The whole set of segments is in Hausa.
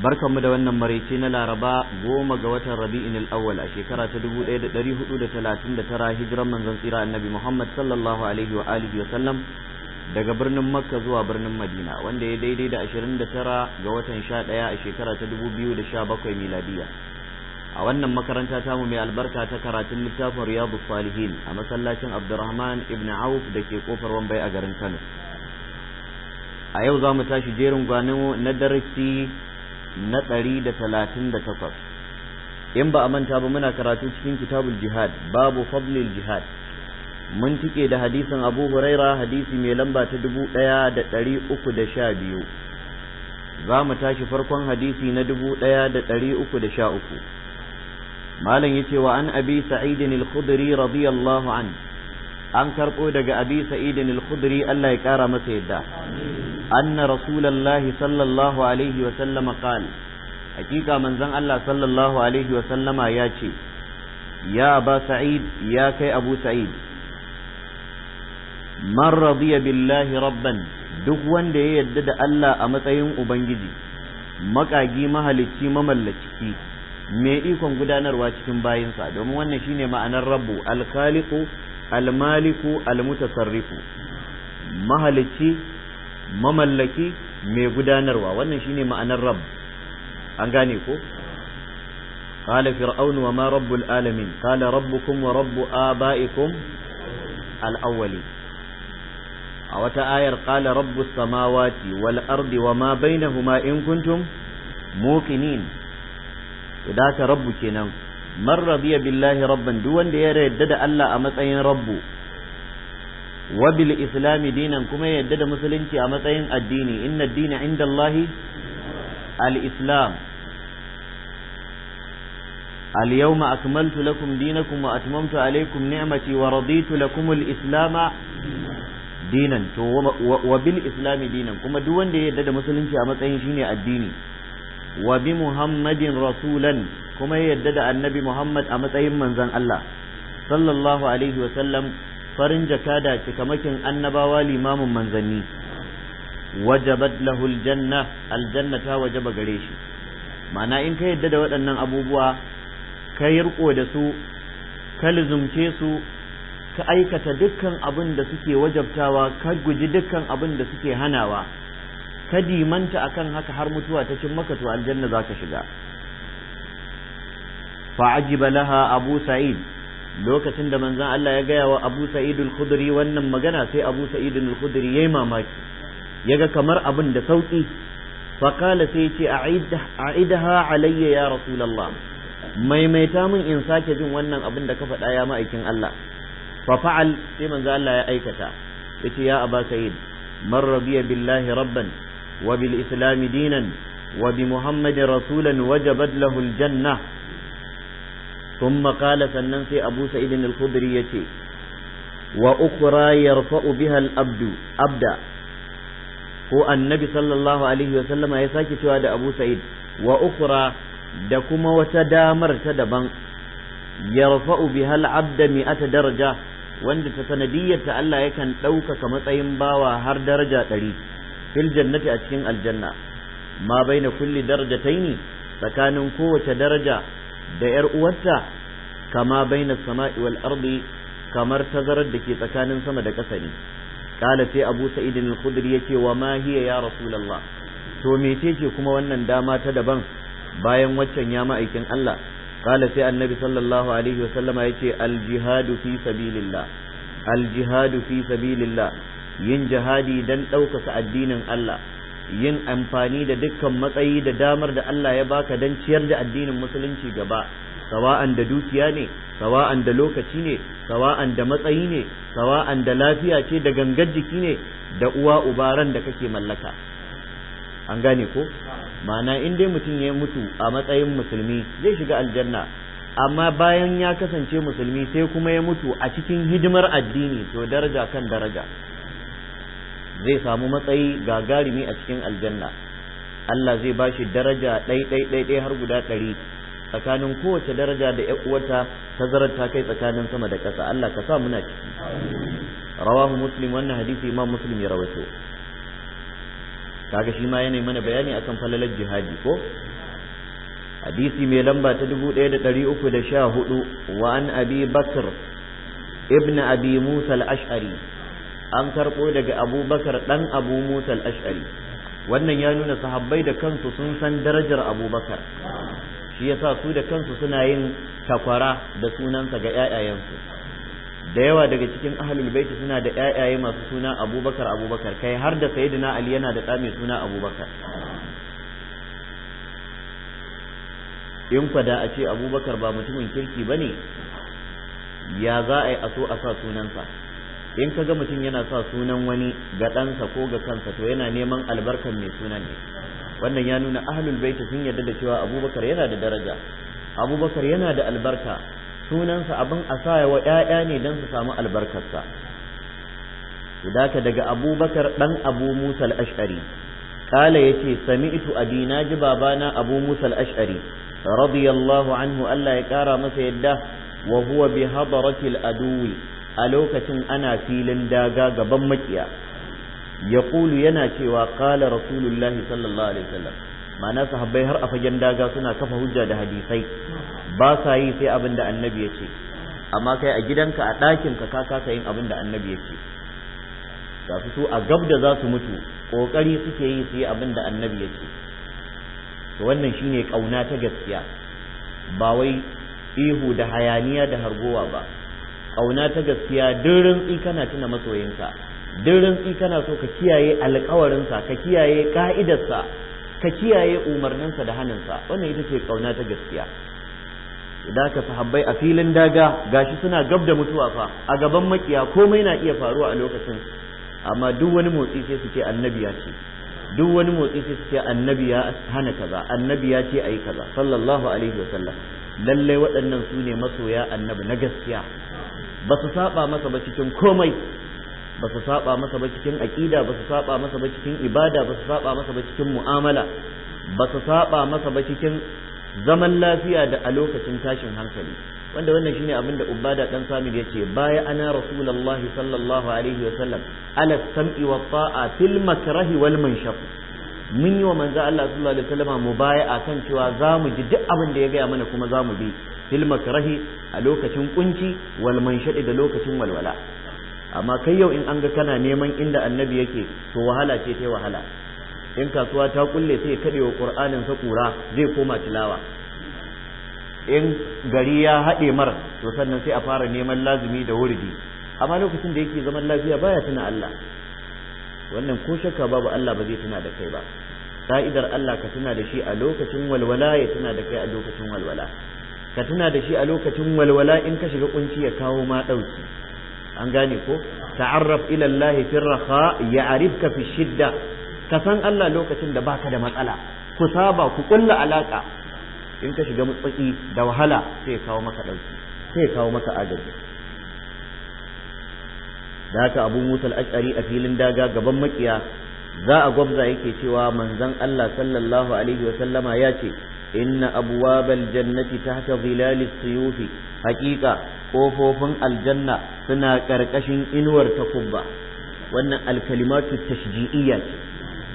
barkanmu da wannan maraice na laraba goma ga watan rabi'in al'awwal a shekara ta 1439 hijiran manzon tsira annabi muhammad sallallahu alaihi wa alihi wa sallam daga birnin makka zuwa birnin madina wanda ya daidai da da 29 ga watan sha 11 a shekara ta dubu biyu da sha 2017 miladiya a wannan makaranta tamu mai albarka ta karatun littafin riyadu salihin a masallacin abdurrahman ibn auf da ke kofar wambai a garin kano a yau za mu tashi jerin gwanin na darasi na ɗari da talatin da takwas in ba a manta ba muna karatu cikin kitabul jihad babu fablil jihad mun tike da hadisin abu huraira hadisi mai lamba ta dubu ɗaya da ɗari uku da sha biyu za mu tashi farkon hadisi na dubu ɗaya da ɗari uku da sha uku malam ya ce wa an abi sa'idin al-khudri radiyallahu anhu an karɓo daga abi sa'idin al-khudri Allah ya ƙara masa yadda anna rasulallahi sallallahu alaihi wa sallama qal hakika manzon Allah sallallahu alaihi wa sallama ya ce ya ba sa'id ya kai abu sa'id man radiya billahi rabban duk wanda ya yarda da Allah a matsayin ubangiji makagi mahalicci mamallaki mai ikon gudanarwa cikin bayinsa domin wannan shine ma'anar rabbu al-khaliqu almaliku almutasarrifu mahalici mamallaki mai gudanarwa wannan shine ma'anar rab an gane ko qala fir'aunu wa ma rabbul alamin qala rabbukum wa rabbu abaikum al-awwali a wata ayar qala rabbus samawati wal ardi wa ma bainahuma in kuntum muqinin idaka rabbu kenan man radiya billahi rabban duk wanda ya yarda da Allah a matsayin rabbu wa bil islami dinan kuma ya yarda da musulunci a matsayin addini inna dina inda Allahi al islam al yawma akmaltu lakum dinakum wa atmamtu alaykum ni'mati wa raditu lakum al islama dinan to islami dinan kuma duk wanda ya yarda da musulunci a matsayin shine addini wa muhammadin rasulan kuma ya yarda da annabi Muhammad a matsayin manzon Allah sallallahu alaihi wasallam farin jaka da cikamakin annabawa limamin manzanni wajabat lahu aljanna aljanna ta wajaba gare shi mana in ka yarda da waɗannan abubuwa ka yarko da su ka lizumce su ka aikata dukkan abin da suke wajabtawa ka guji dukkan abin da suke hanawa ka dimanta akan haka har mutuwa ta cin maka to aljanna za ka shiga فعجب لها أبو سعيد lokacin da manzan Allah ya gaya wa Abu Sa'id al wannan magana sai Abu Sa'id al-Khudri yayi mamaki yaga kamar abin da sauki fa qala sai yace a'idaha alayya ya rasulullah maimaita min in sake jin wannan abin da ka faɗa ya ma'aikin Allah fa fa'al sai manza Allah ya aikata yace ya Abu Sa'id man rabiya billahi rabban wa bil islam dinan wa bi muhammadin rasulan wajabat lahu al-jannah ثم قال سننسي أبو سعيد الخدري يتي وأخرى يرفع بها الأبد أبدا ko annabi sallallahu alaihi wa sallama ya sake cewa da Abu Sa'id wa ukhra da kuma wata damar ta daban yarfa'u biha al-'abda ta daraja wanda ta sanadiyyar ta Allah yakan ɗaukaka matsayin bawa har daraja ɗari fil jannati a cikin aljanna ma baina kulli darajataini tsakanin kowace daraja da ‘yar uwarta kama na sama'i wal arzi kamar tazarar da ke tsakanin sama da ƙasa ne kala sai abu sa'idin al-khudri wa mahiya ya rasulallah to mecece kuma wannan dama ta daban bayan waccan ya ma'aikin Allah kala sai annabi sallallahu alaihi wasallama yace al-jihadu fi sabilillah al-jihadu fi sabilillah yin jihadi don ɗaukaka addinin Allah yin amfani da dukkan matsayi da damar da Allah ya baka don ciyar da addinin musulunci gaba sawa'an da dukiya ne sawa'an da lokaci ne sawa'an da matsayi ne sawa'an da lafiya ce da gangar jiki ne da uwa ubaran da kake mallaka an gane ko ma'ana in dai mutum ya mutu a matsayin musulmi zai shiga aljanna amma bayan ya kasance musulmi sai kuma ya mutu a cikin hidimar addini to daraja kan daraja zai samu matsayi gagarumi a cikin aljanna Allah zai ba shi daraja ɗai-ɗai-ɗai har guda ɗari tsakanin kowace daraja da ‘yan uwata zarar ta kai tsakanin sama da ƙasa Allah ka sa muna ciki rawahu muslim wannan hadisi ma muslim ya rawaito kaga shi ma yana mana bayani akan falalar jihadi ko hadisi mai lamba ta 1314 wa an abi bakr ibn abi musa al-ash'ari an karɓo daga abubakar ɗan abu musa al-ash'ari wannan ya nuna sahabbai da kansu sun san darajar abubakar shi yasa su da kansu suna yin takwara da sunansa ga 'ya'yayensu da yawa daga cikin ahlul baiti suna da ƴaƴaye masu suna abubakar abubakar kai har da sayyidina ali yana da ɗa mai suna abubakar in kwada a ce abubakar ba mutumin kirki ba ne ya za a yi a so a sa sunansa in ka ga mutum yana sa sunan wani ga ɗansa ko ga kansa to yana neman albarkar mai sunan ne wannan ya nuna ahlul baiti sun yarda da cewa abubakar yana da daraja abubakar yana da albarka sunansa abin a sa wa ‘ya'ya ne don su samu albarkarsa ka daga abubakar ɗan abu musa al'ashari kala ya ce sami'tu abi na ji babana abu musa al'ashari radiyallahu anhu allah ya ƙara masa yadda wa huwa bi hadaratil aduwi a lokacin ana filin daga gaban makiya ya yana cewa kala rasulullahi sallallahu alaihi wasallam ma'ana sahabbai har a fagen daga suna kafa hujja da hadisai ba sa yi sai abin da annabi ya ce amma kai a gidanka a ɗakin ka kasa yin abin da annabi ya ce za su a gab da za su mutu ƙoƙari suke yi su yi abin da annabi ya ce to wannan shine ƙauna ta gaskiya ba wai ihu da hayaniya da hargowa ba Kauna ta gaskiya duk kana tuna masoyinka duk kana so ka kiyaye sa ka kiyaye ka'idarsa ka kiyaye umarninsa da haninsa wannan ita ce ƙauna ta gaskiya da ka sahabbai a filin daga gashi suna gab da mutuwa fa a gaban makiya komai na iya faruwa a lokacin amma duk wani motsi sai su ce annabi ya ce duk wani motsi sai su ce annabi ya hana kaza annabi ya ce ayi kaza sallallahu alaihi wasallam lallai waɗannan su ne masoya annabi na gaskiya ba su saba masa ba cikin komai ba su saba masa ba cikin aƙida ba su saba masa ba cikin ibada ba su saba masa ba cikin mu'amala ba su saba masa ba cikin zaman lafiya da a lokacin tashin hankali wanda wannan shine abin da ubada dan samir ya ce baya ana rasulullahi sallallahu alaihi wa sallam ala sam'i wa ta'a fil makrahi wal manshaf mun yi wa manzo Allah sallallahu mu baya a kan cewa za mu ji duk abin da ya gaya mana kuma za mu bi fil makrahi a lokacin kunci walman shaɗi da lokacin walwala amma kai yau in an ga kana neman inda annabi yake to wahala ce ta wahala in kasuwa ta kulle sai kaɗe wa qur'anin sa kura zai koma tilawa in gari ya haɗe mar to sannan sai a fara neman lazumi da wurdi amma lokacin da yake zaman lafiya baya tuna Allah wannan ko shakka babu Allah ba zai tuna da kai ba ka'idar Allah ka tuna da shi a lokacin walwala ya tuna da kai a lokacin walwala ka tuna da shi a lokacin walwala in ka shiga kunci ya kawo ma dauki an gane ko ta'arraf ila Allah fi raha ya'rifka fi shidda ka san Allah lokacin da baka da matsala ku saba ku kulla alaka in ka shiga mutsaki da wahala sai kawo maka dauki sai kawo maka agaji da haka abu musa al'ashari a filin daga gaban makiya za a gwabza yake cewa manzon Allah sallallahu alaihi wa sallama ya ce inna abwabal jannati tahta zilali suyufi haqiqa kofofin aljanna suna karkashin inuwar takubba wannan alkalimatu tashji'iyya ce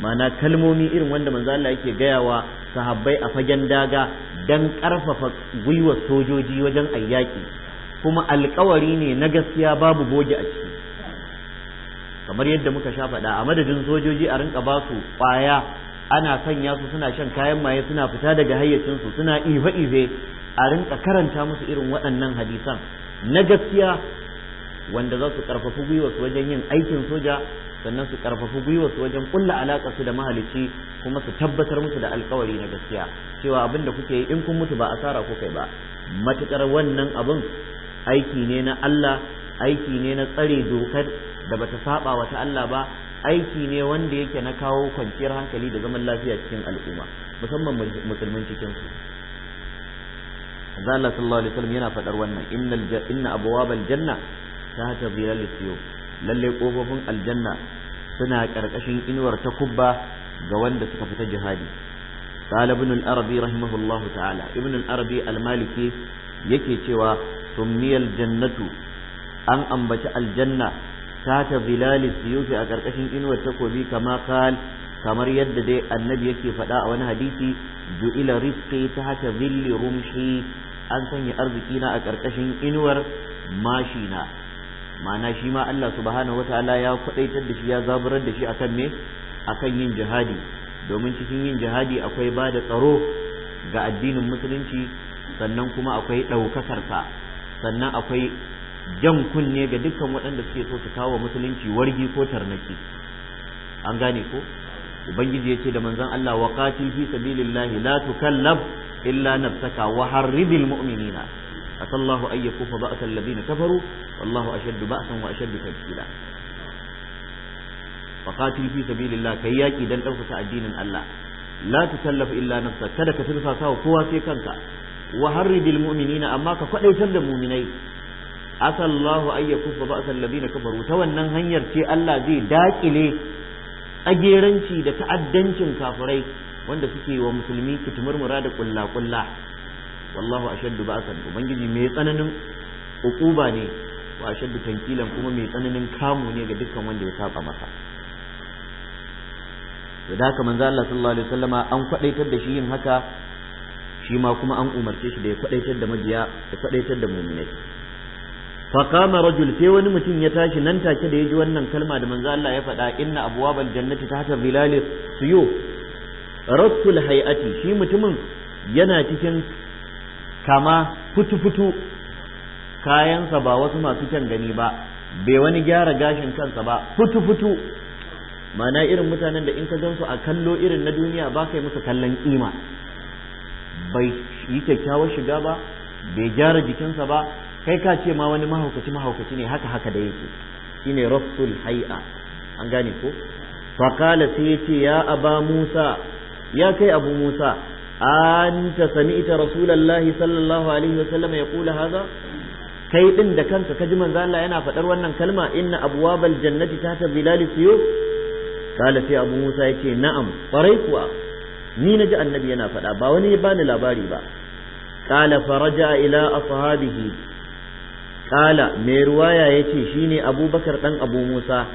ma'ana kalmomi irin wanda manzo Allah yake gayawa sahabbai a fagen daga dan karfafa gwiwar sojoji wajen ayyaki kuma alkawari ne na gaskiya babu goge a ciki kamar yadda muka sha faɗa a madadin sojoji a rinka ba su ƙwaya ana sanya su suna shan kayan maye suna fita daga hayyacinsu suna ife-ife a rinka karanta musu irin waɗannan hadisan na gaskiya wanda za su ƙarfafi gwiwarsu wajen yin aikin soja sannan su ƙarfafi su wajen kulla alaƙa su da mahalicci kuma su tabbatar musu da alkawari na gaskiya cewa abin da kuke yi in kun mutu ba asara kai ba matuƙar wannan abin aiki ne na Allah aiki ne na tsare dokar da bata saba wa ta Allah ba aiki ne wanda yake na kawo kwanciyar hankali da zaman lafiya cikin al'umma musamman musulmin cikin su Allah sallallahu alaihi wasallam yana faɗar wannan innal inna abwabal janna tahta zilal siyo lalle kofofin aljanna suna karkashin inuwar takubba ga wanda suka fita jihadi قال ابن العربي رحمه الله تعالى ابن العربي المالكي yake cewa summiyal jannatu an ambaci aljanna tata bilali suyufi a karkashin inuwar takobi kama kal kamar yadda dai annabi yake faɗa a wani hadisi ju'ila rizqi haka zilli rumshi an sanya arziki na a karkashin inuwar mashina ma'ana shi ma Allah subhanahu wataala ya kwadaitar da shi ya zaburar da shi akan me akan yin jihadi domin cikin yin jihadi akwai ba da tsaro ga addinin musulunci sannan kuma akwai ɗaukakarsa sannan akwai jan kunne ga dukkan waɗanda suke so su kawo musulunci wargi ko tarnaki an gane ko ubangiji ya ce da manzon Allah wa qatil fi sabilillahi la tukallab illa nafsaka wa harridil mu'minina asallahu ay yakufa ba'sal ladina kafaru wallahu ashaddu ba'san wa ashaddu tafsila wa qatil fi sabilillah kai yaki dan ɗaukaka addinin Allah la tukallafu illa nafsaka kada ka tilfasa kowa sai kanka wa harridil mu'minina amma ka kwadaitar da mu'minai asallahu fa ba'sa alladhina kafaru ta wannan hanyar ce Allah zai dakile ajeranci da ta'addancin kafirai wanda suke wa musulmi kitimurmura da kulla kulla wallahu ashaddu ba'sa ubangiji mai tsananin ukuba ne wa ashaddu tankilan kuma mai tsananin kamu ne ga dukkan wanda ya saba masa to da haka manzo Allah sallallahu alaihi wasallama an kwadaitar da shi yin haka shi ma kuma an umarce shi da ya kwadaitar da majiya da kwadaitar da mu'minai fa qama rajul sai wani mutum ya tashi nan take da ji wannan kalma da manzo Allah ya faɗa inna abwabal jannati ta tahta zilali suyu rattul hay'ati shi mutumin yana cikin kama futu-futu kayansa ba wasu masu kyan gani ba bai wani gyara gashin kansa ba futu-futu mana irin mutanen da in ka gansu a kallo irin na duniya ba kai musu kallon kima bai yi kyakkyawar shiga ba bai gyara jikinsa ba kai ka ce ma wani mahaukaci mahaukaci ne haka haka da yake shine rafsul hay'a an gane ko faqala sai yace ya aba musa ya kai abu musa anta sami'ta rasulullahi sallallahu alaihi wasallam yaqulu hadha kai din da kanka ka ji manzo Allah yana faɗar wannan kalma inna abwabal jannati tahta zilali suyuf kala sai abu Musa yace na'am kwarai kuwa ni naji annabi yana faɗa ba wani ya bani labari ba kala faraja ila ashabihi kala mai ruwaya ya ce shi ne abubakar ɗan abu musa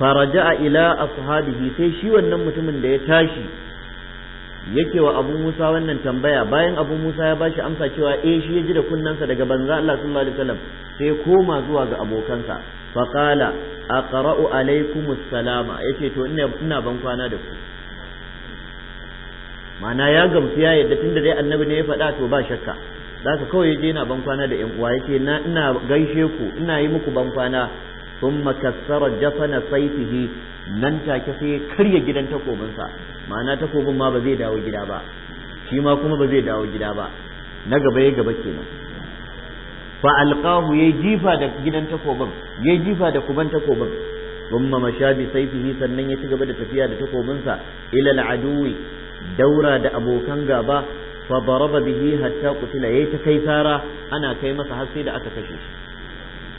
a ila ashabihi sai shi wannan mutumin da ya tashi yake wa abu musa wannan tambaya bayan abu musa ya ba shi amsa cewa eh shi ya ji da kunnansa daga banza Allah sallallahu alaihi wasallam sai koma zuwa ga abokansa Faƙala a ƙara'u alaikum salama ce to ina ban kwana da ku ma'ana ya gamsu ya yadda da dai annabi ne ya faɗa to ba shakka za ka kawai je yana bankwana da yan uwa yake na ina gaishe ku ina yi muku bankwana thumma dafa jafana sayfihi nan take sai karya gidan takobinsa ma'ana takobin ma ba zai dawo gida ba shi ma kuma ba zai dawo gida ba na gaba ya gaba kenan fa alqahu yayi jifa da gidan takobin yayi jifa da kuban takobin thumma masha bi sannan ya ci gaba da tafiya da takobinsa ila al daura da abokan gaba fa daraba bihi hatta kutila yayi ta kai sara ana kai masa har sai da aka kashe shi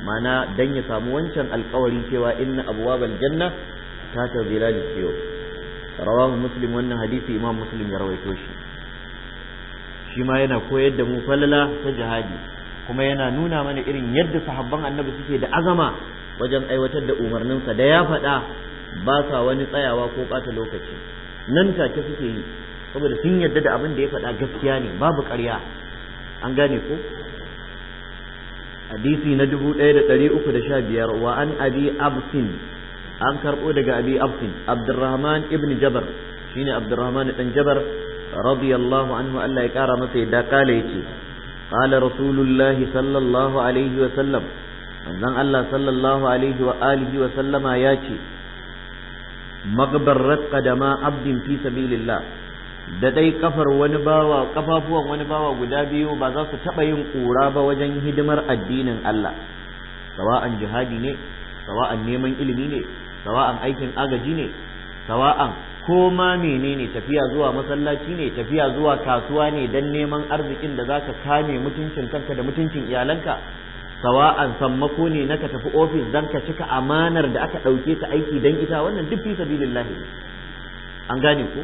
mana dan ya samu wancan alƙawari cewa inna abwabal janna ta ta zilal kiyo rawahu muslim wannan hadisi imam muslim ya rawaito shi shi ma yana koyar da mu falala ta jihadi kuma yana nuna mana irin yadda sahabban annabi suke da azama wajen aiwatar da umarninsa da ya faɗa ba sa wani tsayawa ko bata lokaci nan take suke yi saboda sun yadda da abin da ya faɗa gaskiya ne babu ƙarya an gane ko hadisi na dubu ɗaya da ɗari uku da sha biyar wa an abi absin an karɓo daga abi absin abdurrahman ibn jabar shine abdurrahman ɗan jabar radiyallahu anhu Allah ya ƙara masa yadda kala yace ƙala rasulullahi sallallahu alaihi wa sallam manzon Allah sallallahu alaihi wa alihi wa sallama yace magbarrat qadama abdin fi sabilillah da dai kafar wani bawa kafafuwan wani bawa guda biyu ba za su taɓa yin ƙura ba wajen hidimar addinin Allah sawa'an jihadi ne sawa'an neman ilimi ne sawa'an aikin agaji ne sawa'an ko menene tafiya zuwa masallaci ne tafiya zuwa kasuwa ne don neman arzikin da zaka kame mutuncin kanka da mutuncin iyalanka sawa'an sammako ne na ka tafi ofis don ka cika amanar da aka ɗauke ka aiki don ita wannan duk fi sabilillahi an gane ko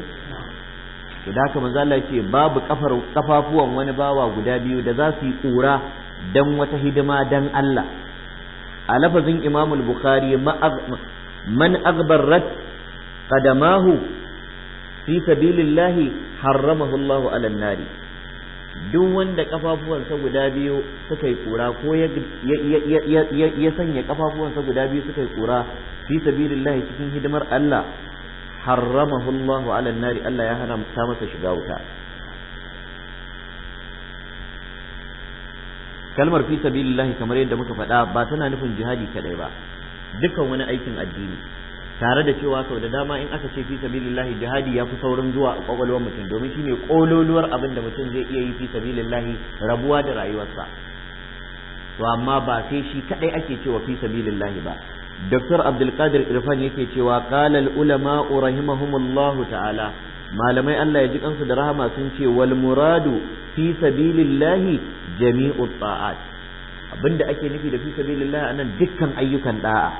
to da haka manzo Allah ce babu kafar kafafuwan wani bawa guda biyu da za su yi kura dan wata hidima dan Allah a lafazin Imam al-Bukhari man aghbarat qadamahu fi sabilillahi harramahu Allah ala nari duk wanda kafafuwansa guda biyu suka yi kura ko ya sanya kafafuwansa guda biyu suka yi kura fi sabilillahi cikin hidimar Allah harramahu Allah ala nari Allah ya hana ta masa shiga wuta kalmar fi sabilillahi kamar yadda muka faɗa ba tana nufin jihadi kadai ba dukkan wani aikin addini tare da cewa sau da dama in aka ce fi sabilillahi jihadi ya fi saurin zuwa a kwakwalwar mutum domin shine kololuwar abin da mutum zai iya yi fi sabilillahi rabuwa da rayuwarsa to amma ba sai shi kadai ake cewa fi sabilillahi ba Dr. Abdulkadir Irfan yake cewa kalal ulama rahimahumullahu ta'ala malamai Allah ya ji kansu da rahama sun ce wal muradu fi sabilillahi jami'u ta'at abinda ake nufi da fi sabilillahi anan dukkan ayyukan da'a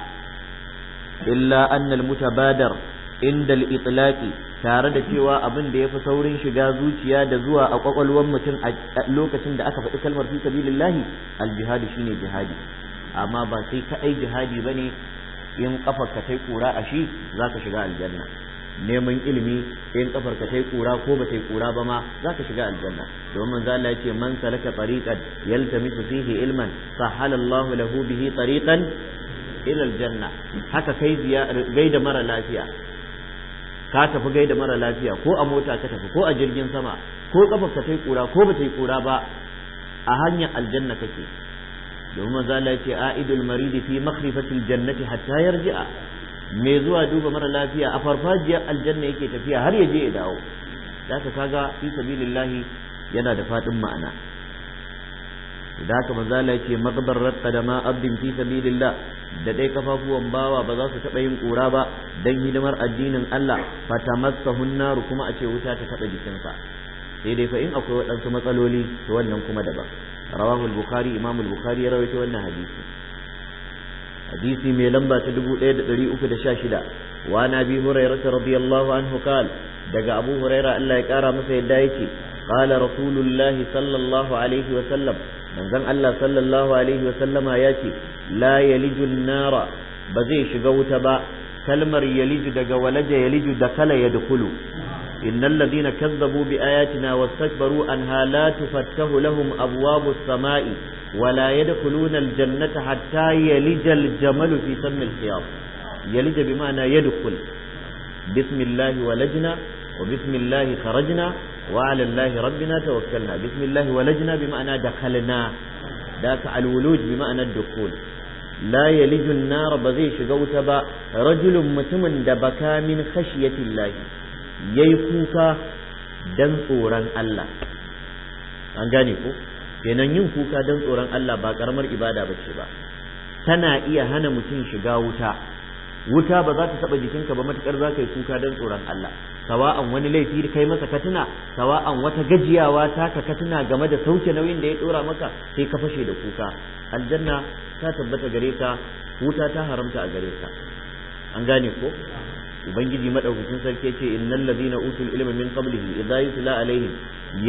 illa anna al mutabadar inda al itlaqi tare da cewa abin da yafi saurin shiga zuciya da zuwa a kwakwalwar mutum a lokacin da aka faɗi kalmar fi sabilillahi al jihadu shine jihadi amma ba sai kadai jihadi bane in kafar ka tai kura a shi zaka shiga aljanna neman ilimi in kafar ka tai kura ko ba tai kura ba ma zaka shiga aljanna domin manzo Allah yace man salaka tariqan yaltamisu fihi ilman sahala lahu bihi tariqan ila aljanna haka kai gaida mara lafiya ka tafi gaida mara lafiya ko a mota ka tafi ko a jirgin sama ko kafar ka tai kura ko ba tai kura ba a hanyar aljanna kake domin manzo Allah ya ce aidul marid fi makhrifatil jannati hatta yarji'a me zuwa duba mara lafiya a farfajiyar aljanna yake tafiya har ya je ya dawo zaka kaga fi sabilillahi yana da fadin ma'ana da haka manzo Allah ya ce maqbarat fi sabilillah da dai kafafuwan bawa ba za su taɓa yin ƙura ba don hidimar addinin Allah fatamassa hunnaru kuma a ce wuta ta taɓa jikinsa sai dai fa in akwai waɗansu matsaloli to wannan kuma daban rawahu al-bukhari imam al-bukhari ya rawaito wannan hadisi hadisi mai lamba ta 1316 wa nabi hurairah radiyallahu anhu qala daga abu hurairah Allah ya kara masa yadda yake qala rasulullahi sallallahu alaihi wa sallam manzon Allah sallallahu alaihi wa sallama yace la yaliju nara ba zai shiga wuta ba kalmar yaliju daga walaja yaliju da kala ya dukulu إن الذين كذبوا بآياتنا واستكبروا أنها لا تفتح لهم أبواب السماء ولا يدخلون الجنة حتى يلج الجمل في سم الخياط يلج بمعنى يدخل بسم الله ولجنا وبسم الله خرجنا وعلى الله ربنا توكلنا بسم الله ولجنا بمعنى دخلنا ذاك الولوج بمعنى الدخول لا يلج النار بزي شقوت رجل متمن دبكا من خشية الله ya kuka don tsoron Allah an gane ko kenan yin kuka don tsoron Allah ba karamar ibada ba ce ba tana iya hana mutum shiga wuta wuta ba za ta taɓa jikinka ba matukar za ka yi kuka don tsoron Allah sawa'an wani laifi da kai masa katuna sawa'an wata gajiyawa ta ka katuna game da sauke nauyin da ya ɗora maka sai ka fashe da kuka aljanna ta tabbata gare ka wuta ta haramta a gare ka an gane ko ubangiji madaukakin sarki yace innal ladina utul ilma min qablihi idza yutla alaihim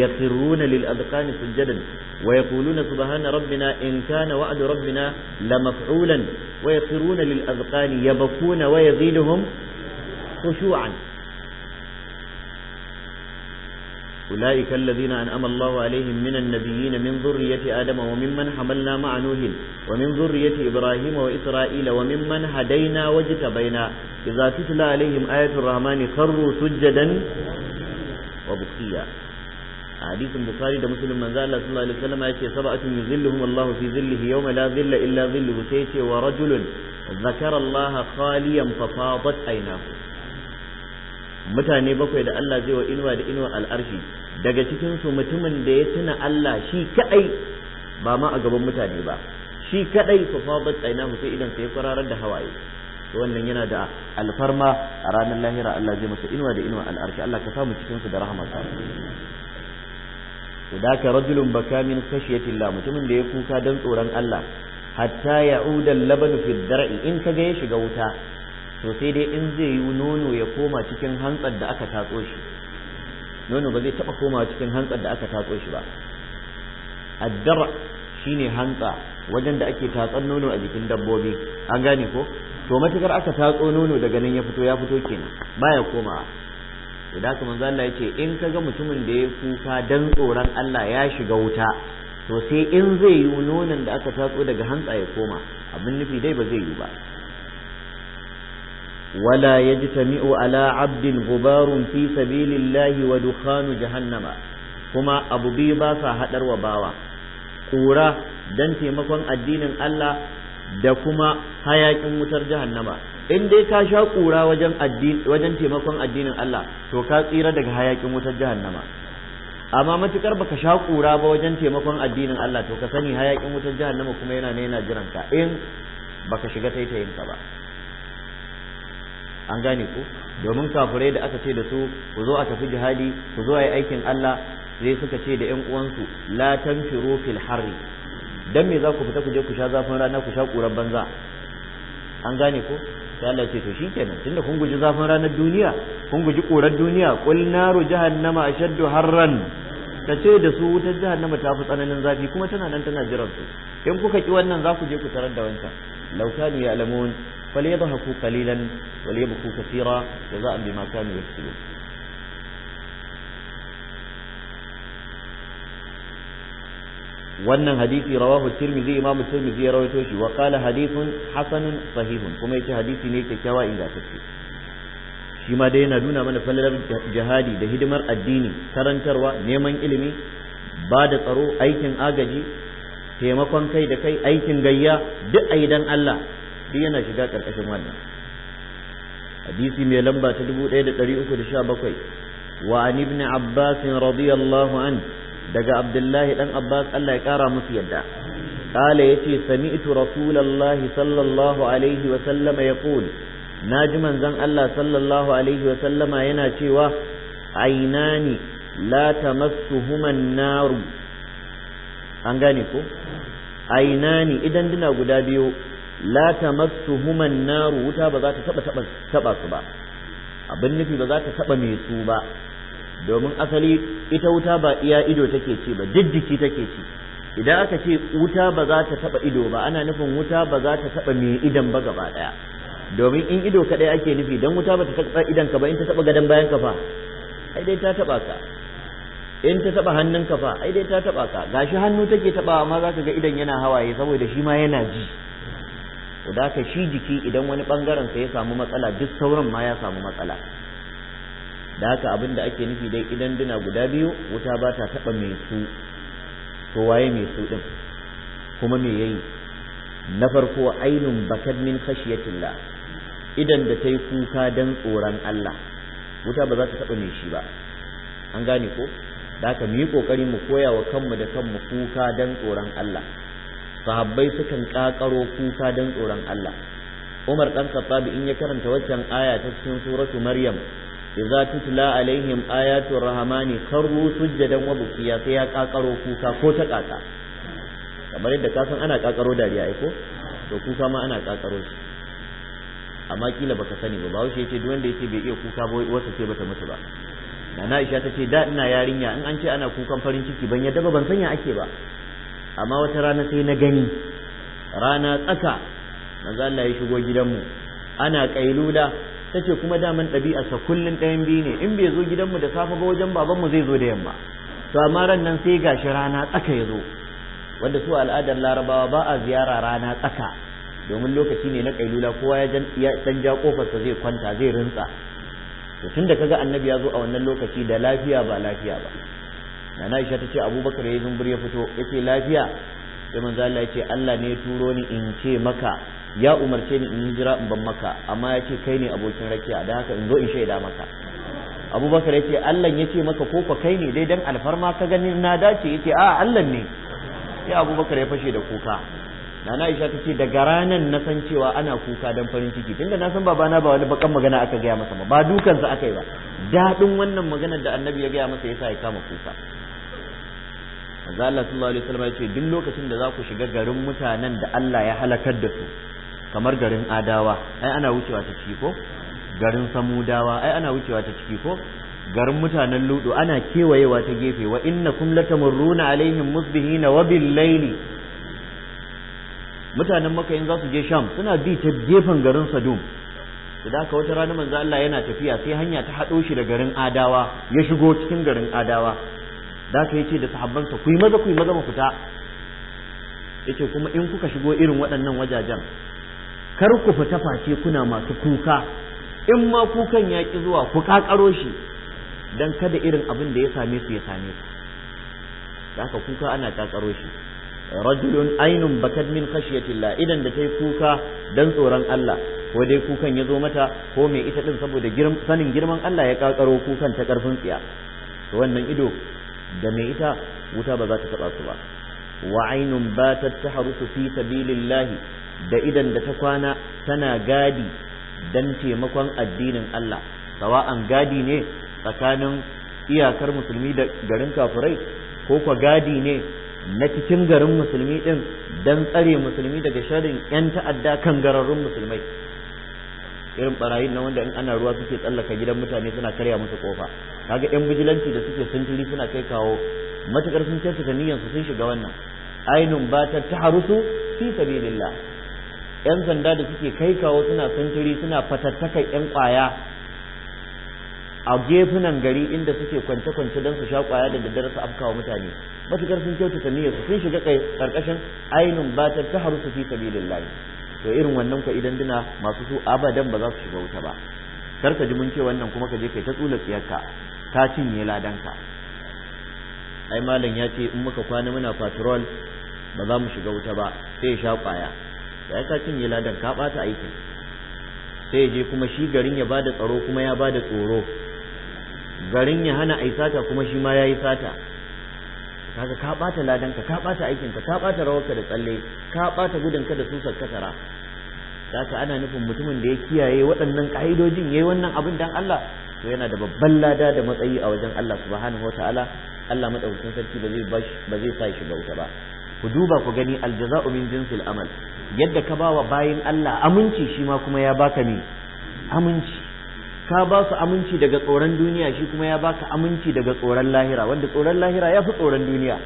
yakhruna lil adqani sujadan wa yaquluna subhana rabbina in kana wa'du rabbina la maf'ulan wa yakhruna lil adqani yabkuna wa yaziduhum khushu'an أولئك الذين أنعم الله عليهم من النبيين من ذرية آدم وممن حملنا مع نوح ومن ذرية إبراهيم وإسرائيل وممن هدينا واجتبينا idza tutla alaihim ayatul rahmani kharru sujadan wa bukiya a hadisin bukhari da muslim manzo Allah sallallahu alaihi wasallam yace sab'atun yuzilluhum Allahu fi zillihi yawma la zilla illa zilluhu sai yace wa rajulun zakara Allah mutane bakwai da Allah zai wa inuwa da inuwa al'arshi daga cikin mutumin da ya tuna Allah shi kadai ba ma a gaban mutane ba shi kadai fa bat aynahu sai idan sai kwararar da hawaye wannan yana da alfarma a ranar lahira Allah zai masa inuwa da inuwa al'arki Allah ka samu cikin su da rahmarsa da ka rajulun baka min Allah mutumin da ya kuka dan tsoron Allah hatta ya'uda al-laban fi dar'i in kaga ya shiga wuta to sai dai in zai yi nono ya koma cikin hantsar da aka tatso shi nono ba zai taba komawa cikin hantsar da aka tatso shi ba addar shine hantsa wajen da ake tatsan nono a jikin dabbobi an gane ko to matukar aka tatso nono daga nan ya fito ya fito kenan baya koma to da kuma Allah ya ce in kaga mutumin da ya kuka dan tsoron Allah ya shiga wuta to sai in zai yi nonon da aka tatso daga hantsa ya koma abin nufi dai ba zai yi ba ولا يجتمع على عبد غبار في سبيل الله ودخان جهنم كما ba بيبا فهدر وباوا قورا دان taimakon الدين الله da kuma hayakin wutar jahannama in dai ka sha kura wajen wajen taimakon addinin Allah to ka tsira daga hayakin wutar jahannama amma matukar baka sha kura ba wajen taimakon addinin Allah to ka sani hayakin wutar jahannama kuma yana ne yana jiran ka in baka shiga taitayin ka ba an gane ku domin kafirai da aka ce da su ku zo a tafi jihadi ku zo a yi aikin Allah sai suka ce da ƴan uwansu la tanfiru fil harri dan me za ku fita ku je ku sha zafin rana ku sha ƙurar banza an gane ko sai Allah ce to shikenan tunda kun guji zafin ranar duniya kun guji ƙurar duniya qul naru jahannama ashaddu harran ta ce da su wutar jahannama ta fi tsananin zafi kuma tana nan tana jiran su in kuka ki wannan za ku je ku tarar da wancan law kanu ya'lamun falyadhaku qalilan walyabku liyabku kathira jaza'an bima kanu yaksubun wannan hadisi rawahu tirmidhi imamu tirmidhi ya rawaito shi wa qala hadithun hasanun sahihun kuma yace hadisi ne kyakkyawa ingantacce shi ma dai yana nuna mana falalar jihadi da hidimar addini karantarwa neman ilimi ba da tsaro aikin agaji taimakon kai da kai aikin gayya duk a Allah duk yana shiga karkashin wannan hadisi mai lamba ta 1317 wa an ibn abbas radiyallahu an. daga abdullahi dan abbas Allah ya kara musu yadda qala yace sami'tu rasulallahi sallallahu alaihi wa sallama ya Na ji manzan Allah sallallahu alaihi wa sallama yana cewa ainani la tamassuhuma an-nar an gane ko ainani idan duna guda biyu la tamassuhuma an-nar wuta ba za ta taba taba taba su ba abin nufi ba za ta taba mai su ba domin asali ita wuta ba iya ido take ci ba diddiki take ci idan aka ce wuta ba za ta taba ido ba ana nufin wuta ba za ta taba mai idan ba gaba daya domin in ido kadai ake nufi dan wuta ba ta taba idan ka ba in ta taba gadan bayan ka fa ai dai ta taba ka in ta taba hannun ka fa ai dai ta taba ka gashi hannu take taba amma ka ga idan yana hawaye saboda shi ma yana ji to da ka shi jiki idan wani bangaren sa ya samu matsala duk sauran ma ya samu matsala da haka abin da ake nufi dai idan duna guda biyu wuta ba ta taɓa mai su to waye mai su ɗin kuma me yayi na farko ainun bakat min khashiyatillah idan da ta yi kuka don tsoron Allah wuta ba za ta taɓa mai shi ba an gane ko da haka mu yi ƙoƙari mu koya wa kanmu da kanmu kuka dan tsoron Allah sahabbai sukan ƙaƙaro kuka dan tsoron Allah Umar ɗan Khattab in ya karanta waccan aya ta cikin suratu Maryam idza tutla alaihim ayatu rahmani karru sujjadan wa bukiya sai ya kakaro kuka ko ta kaka kamar yadda kasan ana kakaro dariya ai ko to kuka ma ana kakaro shi amma kila baka sani ba ba wuce yace duk wanda yace bai iya kuka ba wata ce bata mutu ba nana Aisha ta ce da ina yarinya in an ce ana kukan farin ciki ban yadda ba ban sanya ake ba amma wata rana sai na gani rana tsaka manzo Allah ya shigo gidanmu ana kailula ta ce kuma daman ɗabi'arsa kullum ɗayan biyu ne in bai zo gidanmu da safe ba wajen babanmu zai zo da yamma to amma ran nan sai gashi rana tsaka ya zo wanda su al'adar larabawa ba a ziyara rana tsaka domin lokaci ne na kailula kowa ya dan ja kofarsa zai kwanta zai rinsa to tun da kaga annabi ya zo a wannan lokaci da lafiya ba lafiya ba na Aisha ta ce Abubakar ya zumbur ya fito yace lafiya sai manzo Allah ya ce Allah ne ya turo ni in ce maka ya umarce ni in jira in ban maka amma ya ce kai ne abokin rakiya da haka in zo in shaida maka abubakar ya ce allan ya ce maka ko kai ne dai dan alfarma ka gani na dace ya ce a allan ne sai abubakar ya fashe da kuka nana aisha ta ce daga ranar na san cewa ana kuka dan farin ciki tunda na san babana ba wani bakan magana aka gaya masa ba ba dukansa aka yi ba daɗin wannan maganar da annabi ya gaya masa yasa ya kama kuka Allah sallallahu alaihi wasallam ya ce duk lokacin da za ku shiga garin mutanen da Allah ya halakar da su kamar garin adawa ai ana wucewa ta ciki ko garin samudawa ai ana wucewa ta ciki ko garin mutanen ludo ana kewayewa ta gefe wa kum latamurruna alaihim musbihina wa bil laili mutanen maka in za su je sham suna bi ta gefen garin sadum su da wata rana manzo Allah yana tafiya sai hanya ta haɗo shi da garin adawa ya shigo cikin garin adawa da ka yace da sahabbansa ku yi maza ku yi maza mu fita yace kuma in kuka shigo irin waɗannan wajajen kar ku fita face kuna masu kuka in ma kukan ya ki zuwa ku kakaro shi dan kada irin abin da ya same su ya same ku da haka kuka ana kakaro shi rajulun ainun bakad min khashyatillah idan da tai kuka dan tsoron Allah ko dai kukan ya zo mata ko mai ita din saboda sanin girman Allah ya kakaro kukan ta karfin tsiya to wannan ido da mai ita wuta ba za ta taba su ba wa ainun batat tahrusu fi sabilillahi da idan da ta kwana tana gadi don taimakon addinin Allah sawa'an gadi ne tsakanin iyakar musulmi da garin kafirai ko kwa gadi ne na cikin garin musulmi din don tsare musulmi daga sharin 'yan ta'adda kan gararrun musulmai irin barayin na wanda in ana ruwa suke tsallaka gidan mutane suna karya musu kofa kaga yan bijilanci da suke sintiri suna kai kawo matukar sun kyautata niyyar su sun shiga wannan ainun ba ta taharusu fi sabilillah 'yan sanda da suke kai kawo suna sintiri suna fatattakar 'yan kwaya a gefunan gari inda suke kwance-kwance don su sha kwaya da daddare su afkawa mutane matukar sun kyautata niyyar su sun shiga karkashin ainihin batar ta haru su fi sabilillahi to irin wannan ku idan duna masu su abadan ba za su shiga wuta ba kar ka ji mun ce wannan kuma ka je kai ta tsula tsiyarka ka cinye ladanka ai malam ya ce in muka kwana muna patrol ba za mu shiga wuta ba sai ya sha ƙwaya. da ka cinye ladan ka bata aikin sai je kuma shi garin ya bada tsaro kuma ya bada tsoro garin ya hana ai sata kuma shi ma ya yi sata kaga ka bata ladan ka ka bata aikin ka ka bata rawarka da tsalle ka bata gudun ka da susar kasara haka ana nufin mutumin da ya kiyaye waɗannan ka'idojin yayi wannan abin dan Allah to yana da babban lada da matsayi a wajen Allah subhanahu wataala Allah madaukakin sarki ba zai ba zai sa shi bauta ba ku duba ku gani aljaza'u min jinsil amal yadda ka bawa bayin Allah aminci shi ma kuma ya baka ne aminci ka ba su aminci daga tsoron duniya shi kuma ya baka aminci daga tsoron lahira wanda tsoron lahira ya fi tsoron duniya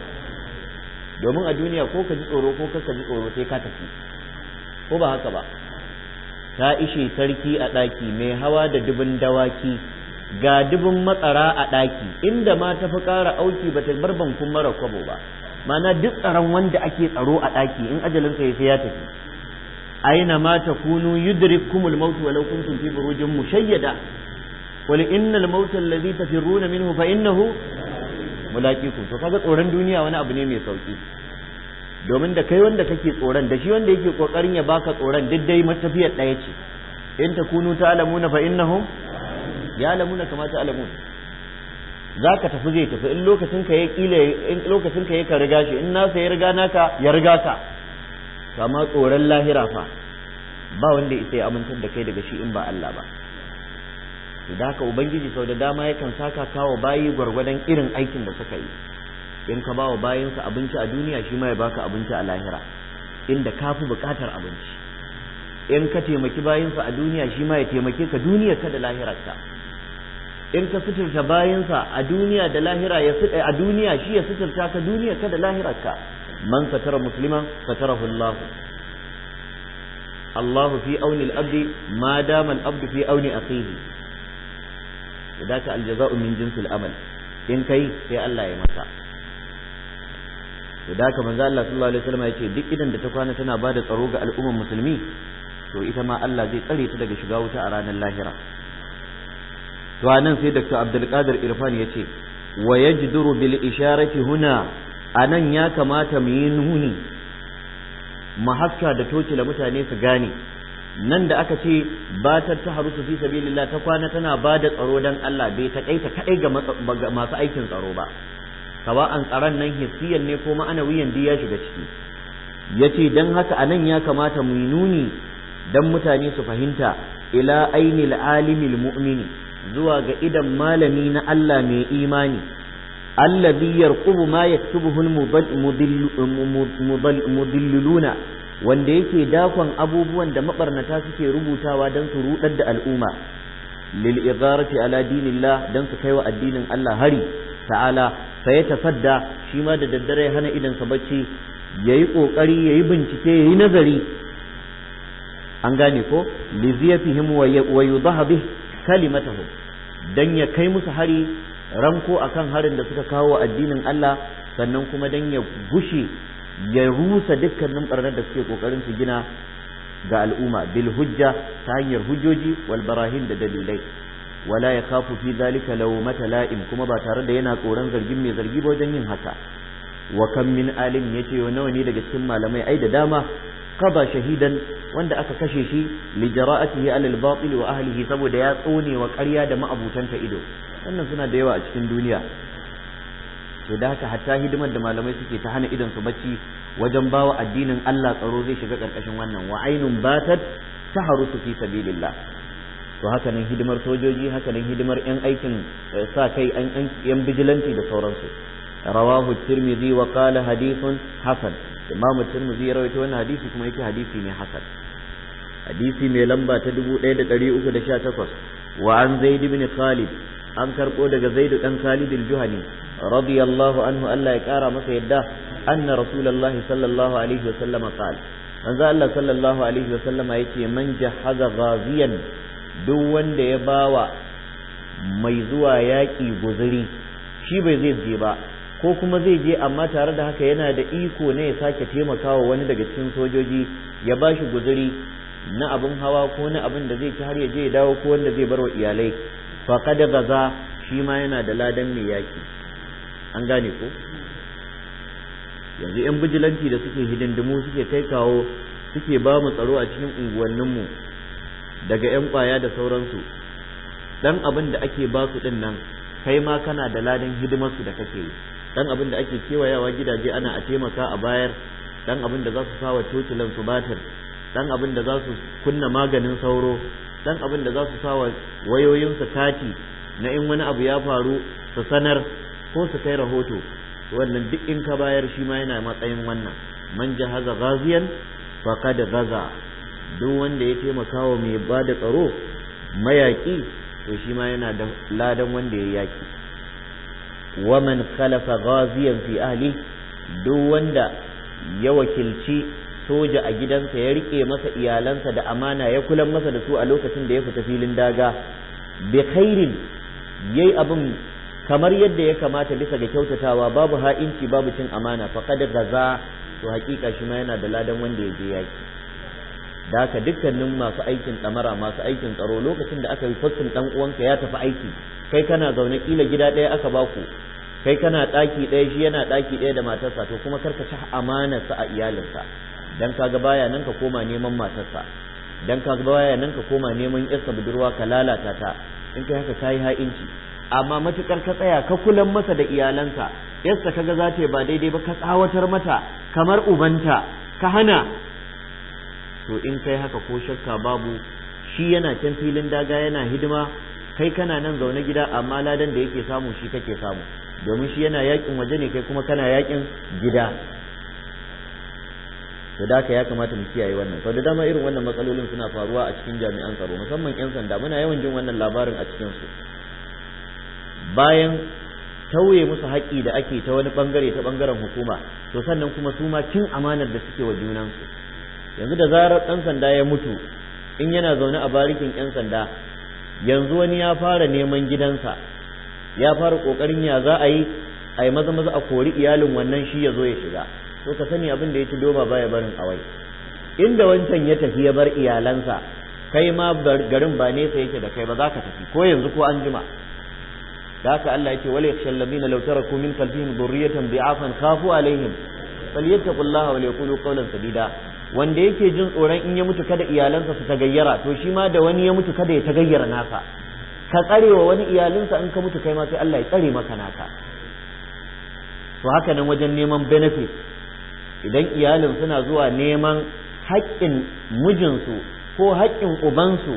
domin a duniya ko ka ji tsoro ko ka ji tsoro sai ka tafi ko ba haka ba ta ishe sarki a ɗaki mai hawa da dubin dawaki ga dubin matsara a ɗaki inda ma ta fi ƙara auki ba ta bar bankun mara kwabo ba ma'ana duk tsaron wanda ake tsaro a ɗaki in ajalin ya ya tafi aina ma takunu yudrikumul maut law kuntum fi burujin mushayyada wal innal maut alladhi tafirruna minhu fa innahu mulaqikum to kaga tsoron duniya wani abu ne mai sauki domin da kai wanda kake tsoron da shi wanda yake kokarin ya baka tsoron duk dai matafiyar ɗaya ce in takunu alamuna fa innahum alamuna kama ta alamuna za ka tafi zai tafi in lokacin ka ya kila in lokacin ka ya ka riga shi in nasa ya riga naka ya riga ka kama tsoron lahira fa ba wanda isa ya amintar da kai daga shi in ba Allah ba to da ubangiji sau da dama yakan saka kawo bayi gwargwadon irin aikin da suka yi in ka ba wa bayansa abinci a duniya shi ma ya baka abinci a lahira inda ka fi bukatar abinci in ka taimaki bayansa a duniya shi ma ya taimake ka duniyarka da lahirarka in ka suturta bayansa a duniya da lahira ya a duniya shi ya suturta ka duniya ka da lahirar ka man satara musliman satarahu Allah Allah fi auni al-abdi ma dama al-abdu fi auni akhihi sadaka al-jaza'u min jinsi al-amal in kai sai Allah ya maka to da haka manzo Allah sallallahu alaihi wasallam ya ce duk idan da ta kwana tana bada tsaro ga al'ummar musulmi to ita ma Allah zai tsare ta daga shiga wuta a ranar lahira to anan sai Dr. Abdulkadir Irfan ya ce wa yajduru bil isharati huna anan ya kamata mu yi nuni mahaska toci da la mutane su gane nan da aka ce ba ta ta harusu fi sabilillah ta kwana tana ba da tsaro dan Allah bai ta kaita kadai ga masu aikin tsaro ba sawa'an tsaron nan hissiyan ne ko ma'anawiyan duk ya shiga ciki yace dan haka anan ya kamata mu yi nuni dan mutane su fahimta ila ainil alimil mu'mini zuwa ga idan malami na Allah mai imani allazi yarqubu ma yaktubuhu mudilluna wanda yake dakon abubuwan da mabarnata suke rubutawa don su rudar da al'umma lil idarati ala dinillah don su kaiwa addinin Allah hari ta'ala fa ya tafadda shi ma da daddare hana idan sa bacci yayi kokari yayi bincike yayi nazari an gane ko li ziyafihim wa kalimatahum dan ya kai musu hari ranko akan harin da suka kawo addinin Allah sannan kuma dan ya gushe ya rusa dukkanin barnar da suke kokarin su gina ga al'umma bil hujja ta hanyar hujjoji wal barahin da dalilai wala ya kafu fi zalika mata la'im kuma ba tare da yana tsoron zargin mai zargi ba wajen yin haka wa kam min alim yace wa nawa ne daga cikin malamai ai da dama kaba shahidan wanda aka kashe shi li jara'atihi alal batil wa ahlihi saboda ya tsone wa ƙarya da ma'abutanta ido wannan suna da yawa a cikin duniya to da haka hatta hidimar da malamai suke ta hana idan su bacci wajen bawa addinin Allah tsaro zai shiga karkashin wannan wa ainun batat taharusu fi sabilillah to haka nan hidimar sojoji haka nan hidimar yan aikin eh, sa kai yan bijilanti da sauransu rawahu tirmidhi wa qala hadithun hasan imam tirmidhi ya rawaito wannan hadisi kuma yake hadisi ne hasan hadisi mai lamba ta 1318 wa an zaid ibn khalid an karbo daga zaid dan khalid al-juhani radiyallahu anhu Allah ya kara masa yadda anna rasulullahi sallallahu alaihi wa sallam qala manzo Allah sallallahu alaihi wa sallam yake man jahaza ghaziyan duk wanda ya bawa mai zuwa yaƙi guzuri shi bai zai je ba ko kuma zai je amma tare da haka yana da iko ne ya sake taimakawa wani daga cikin sojoji ya bashi shi guzuri na abin hawa ko na abin da zai ci har ya je ya dawo ko wanda zai wa iyalai fa kad gaza shi ma yana da ladan mai yaki an gane ko yanzu yan bijilanci da suke hidindimu suke kai kawo suke ba mu tsaro a cikin unguwannin mu daga yan kwaya da sauransu dan abin da ake ba su din nan kai ma kana da ladan hidimar su da kake yi dan abin da ake kewayawa gidaje ana a taimaka a bayar dan abin da za su sawa tocilan su batir dan abin da za su kunna maganin sauro dan abin da za su sawa wayoyinsu kati na in wani abu ya faru su sanar ko su kai rahoto wannan duk in ka bayar shi ma yana matsayin wannan man jahaza ghaziyan faqad ghaza duk wanda ya taimaka wa mai ba da tsaro mayaki to shi ma yana da ladan wanda ya yaki wa man khalafa ghaziyan fi ahli duk wanda ya wakilci soja a gidansa ya rike masa iyalansa da amana ya kula masa da su a lokacin da ya fita filin daga bi khairin yayi abin kamar yadda ya kamata bisa ga kyautatawa babu ha'inci babu cin amana fa kada gaza to hakika shi ma yana da ladan wanda ya je yaki da haka dukkanin masu aikin ɗamara masu aikin tsaro lokacin da aka yi fassin ɗan uwanka ya tafi aiki kai kana zaune kila gida ɗaya aka baku kai kana ɗaki ɗaya shi yana ɗaki ɗaya da matarsa to kuma karka ci amanarsa a iyalinsa dan kaga baya nan ka koma neman matarsa dan kaga baya nan ka koma neman yarsa budurwa ka lalata ta in kai haka kai ha'inci amma matukar ka tsaya ka kulan masa da iyalansa yarsa kaga za ta ba daidai ba ka tsawatar mata kamar ubanta ka hana to in kai haka ko shakka babu shi yana can filin daga yana hidima kai kana nan zaune gida amma ladan da yake samu shi kake samu domin shi yana yakin waje ne kai kuma kana yakin gida to da ya kamata mu kiyaye wannan sau da dama irin wannan matsalolin suna faruwa a cikin jami'an tsaro musamman 'yan sanda muna yawan jin wannan labarin a cikin su bayan tauye musu haƙƙi da ake ta wani bangare ta bangaren hukuma to sannan kuma su ma cin amanar da suke wa junansu yanzu da zarar dan sanda ya mutu in yana zaune a barikin 'yan sanda yanzu wani ya fara neman gidansa ya fara ƙoƙarin ya za a yi a yi maza maza a kori iyalin wannan shi ya zo ya shiga ko ka sani abin da ya ci doma baya barin awai inda wancan ya tafi ya bar iyalansa kai ma garin ba nesa yake da kai ba za ka tafi ko yanzu ko an jima da haka Allah yake wala yakhshal ladina law taraku min khalfihim dhurriyatan bi'afan khafu alaihim falyattaqullaha wa yaqulu qawlan sadida wanda yake jin tsoron in ya mutu kada iyalansa su tagayyara to shi ma da wani ya mutu kada ya tagayyara nasa ka tsarewa wani iyalinsa in ka mutu kai ma sai Allah ya tsare maka naka to haka nan wajen neman benefit idan iyalin suna zuwa neman haƙƙin mijinsu ko haƙƙin ubansu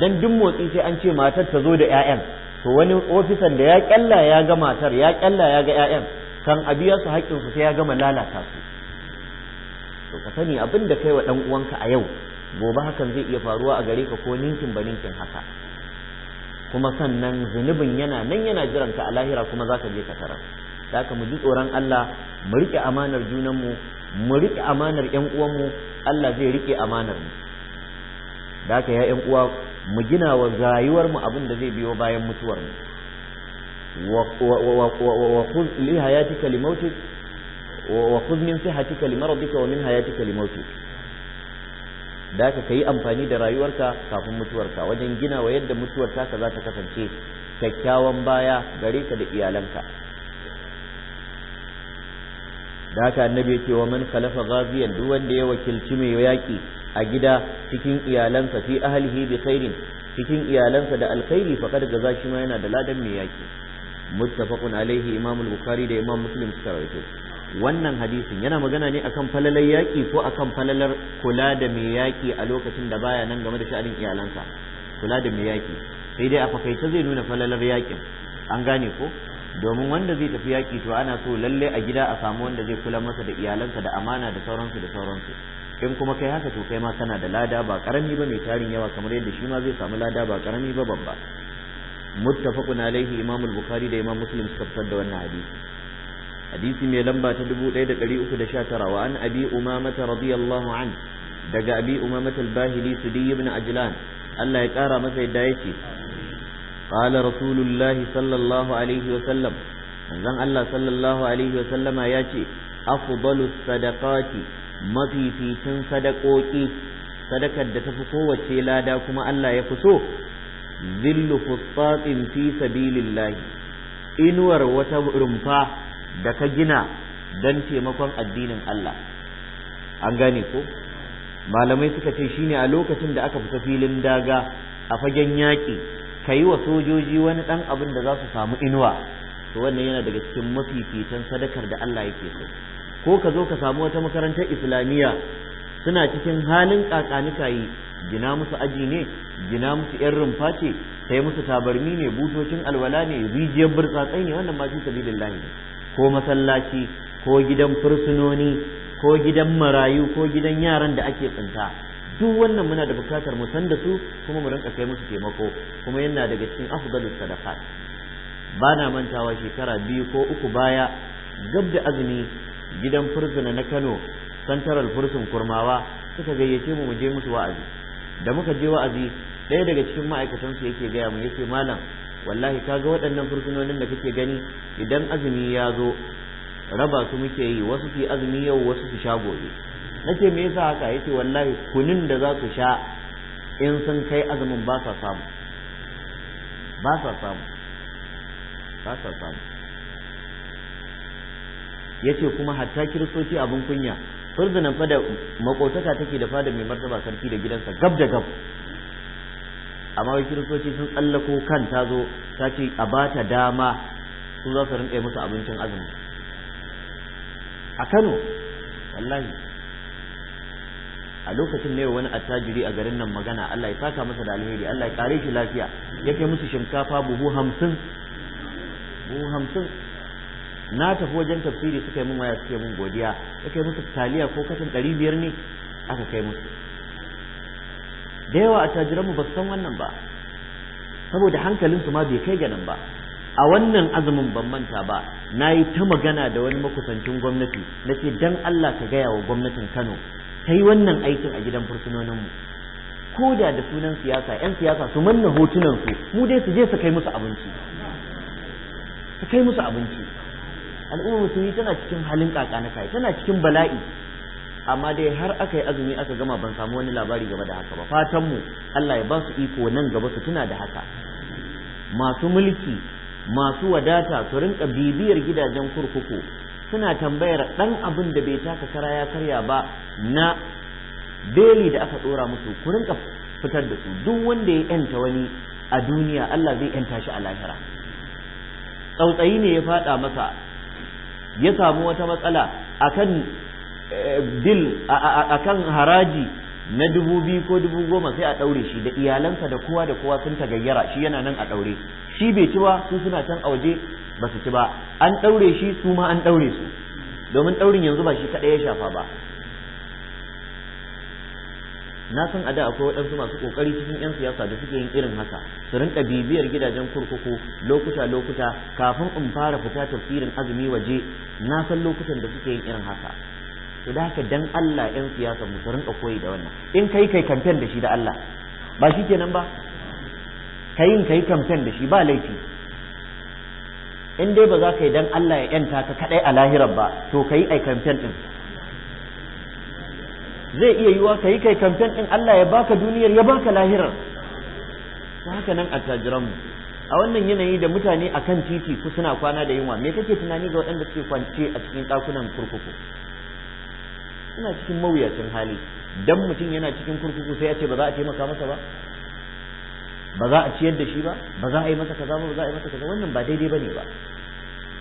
don duk motsi sai an ce matar ta zo da 'ya'yan to wani ofisan da ya ƙyalla ya ga matar ya ƙyalla ya ga 'ya'yan kan a biya su haƙƙinsu sai ya gama lalata su to ka sani abin da kai wa ɗan uwanka a yau gobe hakan zai iya faruwa a gare ka ko ninkin ba ninkin haka kuma sannan zunubin yana nan yana jiran a lahira kuma za ka je ka tarar da mu ji tsoron Allah mu rike amanar junanmu mu riƙe amanar ƴan uwanmu Allah zai riƙe amanar mu da ya ƴan uwa mu gina wa rayuwar mu abin da zai biyo bayan mutuwar mu wa khudh li hayatika li mautik wa khudh min sihatika li maradika wa min hayatika li mautik da ka kai amfani da rayuwarka kafin mutuwarka wajen gina wa yadda mutuwar taka za ta kasance kyakkyawan baya gare ka da iyalanka da haka annabi ya ce wa man khalafa ghaziyan duk wanda ya wakilci mai yaƙi a gida cikin iyalansa fi ahlihi bi khairin cikin iyalansa da alkhairi faqad gaza shi ma yana da ladan mai yaƙi muttafaqun alaihi imam al-bukhari da imam muslim suka rawaito wannan hadisin yana magana ne akan falalar yaƙi ko akan falalar kula da mai yaƙi a lokacin da baya nan game da sha'anin iyalansa kula da mai yaƙi sai dai a fakaice zai nuna falalar yaƙin an gane ko domin wanda zai tafi yaƙi to ana so lalle a gida a samu wanda zai kula masa da iyalansa da amana da sauransu da sauransu in kuma kai haka to kai ma kana da lada ba karami ba mai tarin yawa kamar yadda shi ma zai samu lada ba karami ba babba muttafaqun alaihi imam al-bukhari da imam muslim suka fitar da wannan hadisi hadisi mai lamba ta 1319 wa an abi umamata radiyallahu an daga abi umamata al-bahili sudi ibn ajlan Allah ya kara masa yadda yake قال رسول الله صلى الله عليه وسلم manzon Allah sallallahu alaihi wasallama ya ce afdalu sadaqati mafificin sadakoki sadakar da tafi kowace lada kuma Allah ya fi so zillu fustatin fi sabilillahi inuwar wata rumfa da ka gina don taimakon addinin Allah an gane ko malamai suka ce shine a lokacin da aka fita filin daga a fagen yaƙi ka yi wa sojoji wani ɗan abin da za su samu inuwa to wannan yana daga cikin mafificin sadakar da Allah yake so ko ka zo ka samu wata makarantar islamiyya suna cikin halin kakanika yi gina musu aji ne gina musu yan rumfa ce sai musu tabarmi ne butocin alwala ne rijiyar burtsatsai ne wannan ma fi sabilillah ne ko masallaci ko gidan fursunoni ko gidan marayu ko gidan yaran da ake tsinta duk wannan muna da bukatar mu san da su kuma mu rinka kai musu taimako kuma yana daga cikin afdalus sadaqat ba na mantawa shekara biyu ko uku baya gab da azumi gidan fursuna na Kano santaral fursun kurmawa suka gayyace mu mu je musu wa'azi da muka je wa'azi ɗaya daga cikin ma'aikatan su yake gaya mu yace malam wallahi kaga waɗannan fursunonin da kake gani idan azumi ya zo raba su muke yi wasu su azumi yau wasu su sha gobe na ce me yasa haka yace wallahi kunin da za su sha in sun kai azumin ba sa samu ba sa samu ba sa samu yace kuma hatta kiristoci abin kunya furdunan fada makotaka take da fada mai martaba sarki da gidansa gab da gab amma wai kiristoci sun tsallako kan ta zo a bata dama su za su rinƙa musu abincin azumi a kano wallahi a lokacin ne wani attajiri a garin nan magana Allah ya saka masa da alheri Allah ya kare shi lafiya yake musu shinkafa buhu hamsin buhu hamsin na tafi wajen tafsiri suka yi min waya suka yi mun godiya suka yi musu taliya ko katin ɗari biyar ne aka kai musu da yawa attajiranmu ba su san wannan ba saboda su ma bai kai ganin ba a wannan azumin ban manta ba na yi ta magana da wani makusancin gwamnati na ce don Allah ka gaya wa gwamnatin Kano ta yi wannan aikin a gidan fursunoninmu ko da da sunan siyasa 'yan siyasa su manna hotunansu mu dai su je su kai musu abinci su kai musu abinci al'ummar musulmi tana cikin halin kaka na kai tana cikin bala'i amma dai har aka yi azumi aka gama ban samu wani labari game da haka ba fatan mu Allah ya ba su iko nan gaba su tuna da haka masu mulki masu wadata su rinka bibiyar gidajen kurkuku suna tambayar ɗan abin da bai taka kara ya karya ba na beli da aka ɗora musu ku rinka fitar da su duk wanda ya yanta wani a duniya Allah zai yanta shi a lahira tsautsayi ne ya faɗa masa ya samu wata matsala akan eh, bil akan haraji na dubu biyu ko dubu goma sai a ɗaure shi da iyalansa da kowa da kowa sun tagayyara shi yana nan a ɗaure shi bai ci ba su suna can a waje ba su ci ba an ɗaure shi su ma an ɗaure su domin ɗaurin yanzu ba shi kaɗai ya shafa ba na san a da akwai waɗansu masu ƙoƙari cikin 'yan siyasa da suke yin irin haka su rinka bibiyar gidajen kurkuku lokuta lokuta kafin in fara fita tafsirin azumi waje na san lokutan da suke yin irin haka to da haka dan Allah 'yan siyasa mu su rinka koyi da wannan in kai kai kamfen da shi da Allah ba shi kenan ba kayin kai kamfen da shi ba laifi in dai ba za ka yi dan Allah ya yanta ka kadai a lahirar ba to ka yi ai kamfen din zai iya yiwa ka yi kai kamfen ɗin Allah ya baka duniyar ya baka lahirar to haka nan a mu a wannan yanayi da mutane a kan titi ku suna kwana da yunwa me kake tunani ga waɗanda suke kwance a cikin ɗakunan kurkuku suna cikin mawuyacin hali dan mutum yana cikin kurkuku sai ya ce ba za a taimaka masa ba ba za a ciyar da shi ba ba za a yi masa kaza ba ba za a yi masa kaza wannan ba daidai bane ba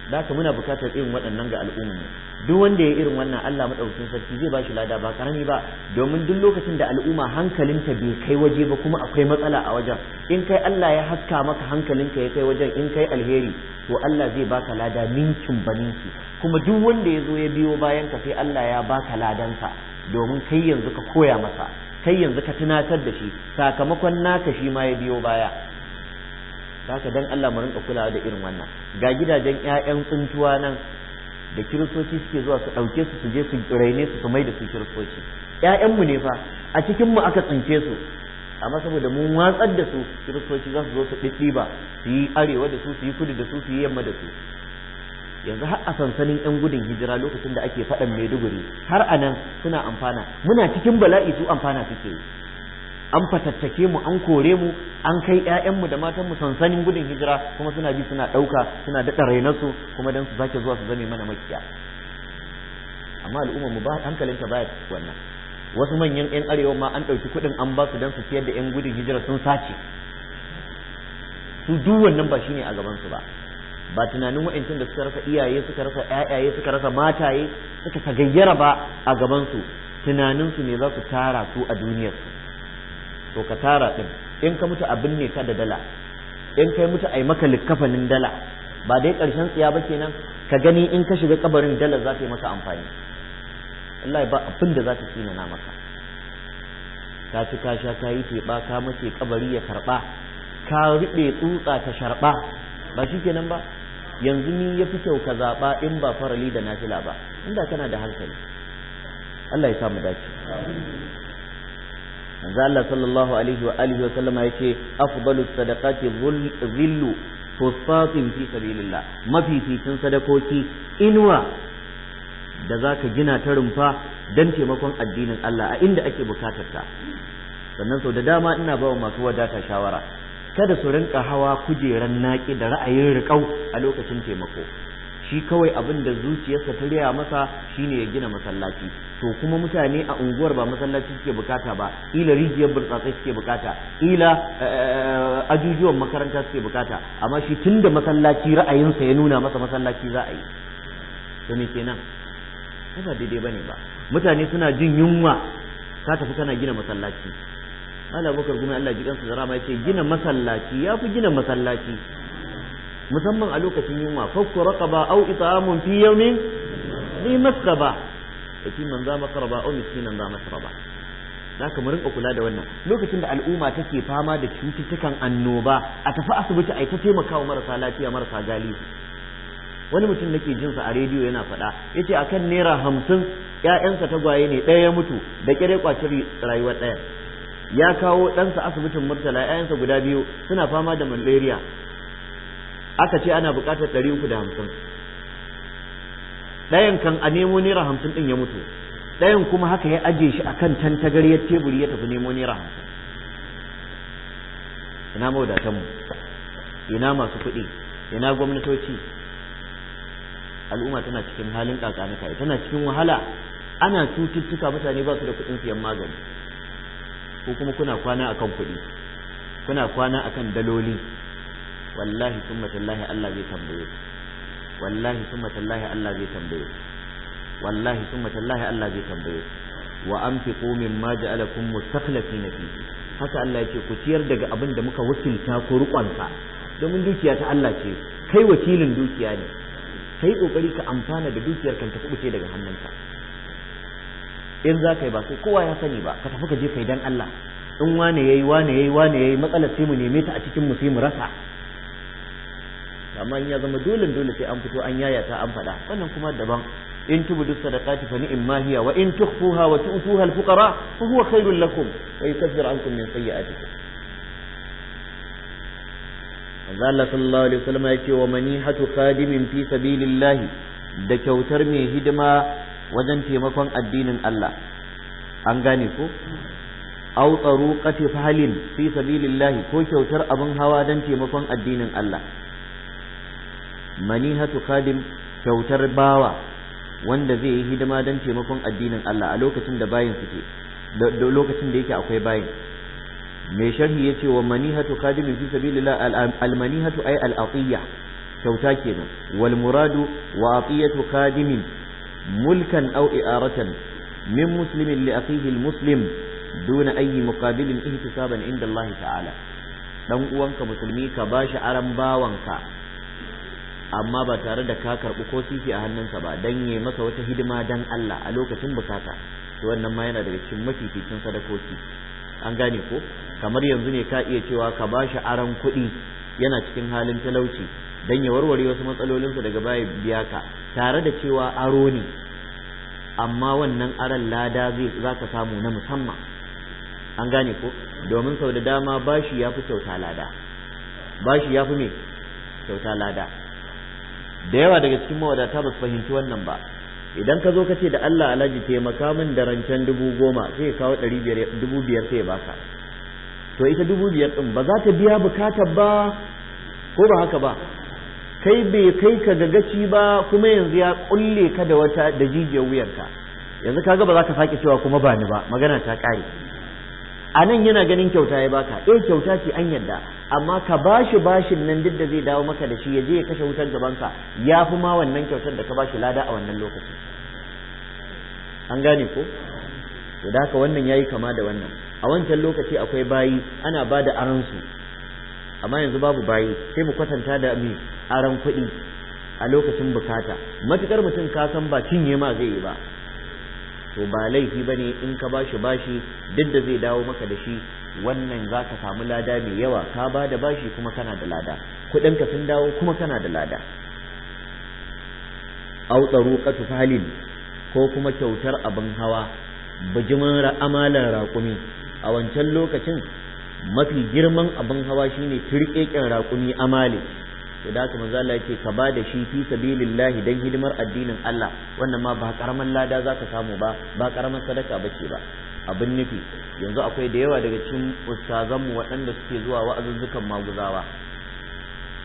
da haka muna bukatar irin waɗannan ga al'ummu duk wanda ya irin wannan Allah madaukakin sarki zai ba shi lada ba karami ba domin duk lokacin da al'umma hankalinta bai kai waje ba kuma akwai matsala a wajen in kai Allah ya haska maka hankalinka ya kai wajen in kai alheri to Allah zai baka lada ninkin baninki kuma duk wanda ya zo ya biyo bayan ka sai Allah ya baka ladansa domin kai yanzu ka koya masa kai yanzu ka tunatar da shi sakamakon naka shi ma ya biyo baya ka dan Allah mu rinka kulawa da irin wannan ga gidajen ƴaƴan tsuntuwa nan da kiristoci suke zuwa su ɗauke su su je su raine su su mai da su kiristoci ƴaƴanmu ne fa a cikin mu aka tsince su amma saboda mun watsar da su kiristoci za su zo su ɗiɗɗiba su yi arewa da su su yi kudu da su su yi yamma da su yanzu har a sansanin yan gudun hijira lokacin da ake faɗan maiduguri har a nan suna amfana muna cikin bala'i su amfana suke an fatattake mu an kore mu an kai ƴaƴanmu da matanmu sansanin gudun hijira kuma suna bi suna ɗauka suna daɗa rainarsu kuma don su sake zuwa su zame mana makiya amma al'umma mu ba hankalinta baya wannan wasu manyan 'yan arewa ma an ɗauki kuɗin an ba su don su siyar da 'yan gudun hijira sun sace su duk wannan ba ne a gabansu ba ba tunanin wa'incan da suka rasa iyaye suka rasa ƴaƴaye suka rasa mataye suka gayyara ba a gabansu tunaninsu ne za su tara su a su to ka tara ɗin in ka mutu abin ne ka da dala in kai mutu a maka likkafanin dala ba dai karshen tsiya ba kenan ka gani in ka shiga kabarin dala za ta yi maka amfani wallahi ba abin da za ta tsinana maka ka ci ka sha ka yi teɓa ka mace kabari ya karɓa ka riɓe tsutsa ta sharɓa ba shi kenan ba yanzu ni ya fi kyau ka zaɓa in ba farali da nafila ba inda kana da hankali Allah ya samu dace manzo Allah sallallahu alaihi wa alihi wa sallama yace afdalu sadaqati zillu fusfatin fi sabilillah cikin sadakoki inuwa da zaka gina ta rumfa dan taimakon addinin Allah a inda ake bukatar ta sannan sau da dama ina ba wa masu wadata shawara kada su rinka hawa kujeran naƙi da ra'ayin riƙau a lokacin taimako shi kawai abin da zuciyarsa ta riya masa shine ya gina masallaci to kuma mutane a unguwar ba masallaci suke bukata ba ila rijiyar burtsatsai suke bukata ila eh, eh, ajujuwan makaranta suke bukata amma shi tunda masallaci ra'ayinsa ya nuna masa masallaci za a yi to me kenan ba daidai bane ba mutane suna jin yunwa ka tafi kana gina masallaci ya bakar kuma Allah jikan su zarama yace gina masallaci yafi gina masallaci musamman a lokacin yunwa fakku raqaba aw it'amun fi yawmin li masqaba man za maqraba aw miskinan za masraba da ka rinka kula da wannan lokacin da al'umma take fama da cututtukan annoba a tafi asibiti a ta taimakawa marasa lafiya marasa galihu wani mutum nake jin sa a rediyo yana faɗa yace akan naira hamsin 'ya'yansa tagwaye ne ɗaya ya mutu da ƙire kwace rayuwar ɗaya ya kawo ɗansa asibitin murtala 'ya'yansa guda biyu suna fama da malaria aka ce ana buƙatar ɗari uku da hamsin ɗayan kan a nemo naira hamsin ɗin ya mutu ɗayan kuma haka ya aje shi akan tantagaryar teburi ya tafi nemo naira hamsin ina ina masu kuɗi ina gwamnatoci al'umma tana cikin halin kakanika tana cikin wahala ana cututtuka mutane ba su da kuɗin siyan magani ko kuma kuna kwana akan kuɗi kuna kwana akan daloli wallahi sun tallahi Allah zai tambaye wallahi sun tallahi Allah zai tambaye wallahi summa tallahi Allah zai tambaye wa haka Allah ya ce ku ciyar daga abin da muka wakilta ko rukonsa domin dukiya ta Allah ce kai wakilin dukiya ne kai kokari ka amfana da dukiyar kan ta kubuce daga hannunka in za ka yi ba sai kowa ya sani ba ka tafi ka je kai Allah in wane yayi wane yayi wane yayi matsalar sai mu neme ta a cikin mu sai mu rasa amma ya zama dole dole sai an fito an yaya ta an faɗa wannan kuma daban in duk sadaqati fa ni'im ma hiya wa in tukhfuha wa tu'tuha al-fuqara fa huwa khairul lakum wa yukaffiru ankum min sayyi'atikum manzo Allah sallallahu alaihi wasallam ya ce wa manihatu khadimin fi sabilillah da kyautar mai hidima wajen taimakon addinin Allah an gane ko tsaro tsaruqati fahalin fi sabilillahi ko kyautar abin hawa don taimakon addinin Allah manihatu khadim kyautar bawa wanda zai yi hidima don taimakon addinin Allah a lokacin da bayin suke da lokacin da yake akwai bayin mai sharhi ya ce wa manihatu khadim fi sabilillah al manihatu ay al atiya kyauta kenan wal muradu wa atiyatu khadimin ملكا أو إعارة من مسلم لأخيه المسلم دون أي مقابل احتسابا عند الله تعالى dan uwanka musulmi ka bashi aran bawanka amma ba tare da ka karɓi ko sisi a hannunsa ba dan yayi masa wata hidima dan Allah a lokacin bukata to wannan ma yana daga cikin mafificin sadakoki an gane ko kamar yanzu ne ka iya cewa ka ba shi aran kuɗi yana cikin halin talauci dan ya warware wasu matsalolinsa daga baya biya ka tare da cewa aro ne amma wannan aron lada zai za ka samu na musamman an gane ko domin sau da dama bashi ya fi kyauta lada bashi ya fi me kyauta lada da yawa daga cikin mawadata ba su fahimci wannan ba idan ka zo ka ce da Allah alhaji taimaka min da rancen dubu goma sai ya kawo ɗari dubu biyar sai ya baka to ita dubu biyar ɗin ba za ta biya bukatar ba ko ba haka ba kai bai kai ka ga gaci ba kuma yanzu ya kulle ka da wata da jijiyar wuyarka yanzu ka ba za ka sake cewa kuma ba ni ba magana ta kare a nan yana ganin kyauta ya baka eh kyauta ce an yadda amma ka bashi bashin nan duk da zai dawo maka da shi ya je ya kashe wutar gabanka ya fi ma wannan kyautar da ka bashi lada a wannan lokaci an gane ko to da haka wannan yayi kama da wannan a wancan lokaci akwai bayi ana ba da aransu amma yanzu babu bayi sai mu kwatanta da mi aran kuɗi a lokacin bukata matukar mutum ka san ba cinye ma zai yi ba to ba laifi ba ne in ka bashi bashi duk da zai dawo maka da shi wannan za ka samu lada mai yawa ka ba da bashi kuma kana da lada kuɗinka sun dawo kuma kana da lada au ƙasa halin ko kuma kyautar abin hawa bijimin amalan raƙumi a wancan lokacin mafi girman abin hawa shine turkekin raƙumi amale to da haka manzo Allah yake ka da shi fi sabilillahi dan hidimar addinin Allah wannan ma ba karaman lada za ka samu ba ba karaman sadaka bace ba abin nufi yanzu akwai da yawa daga cikin ustazanmu waɗanda suke zuwa wa'azuzzukan maguzawa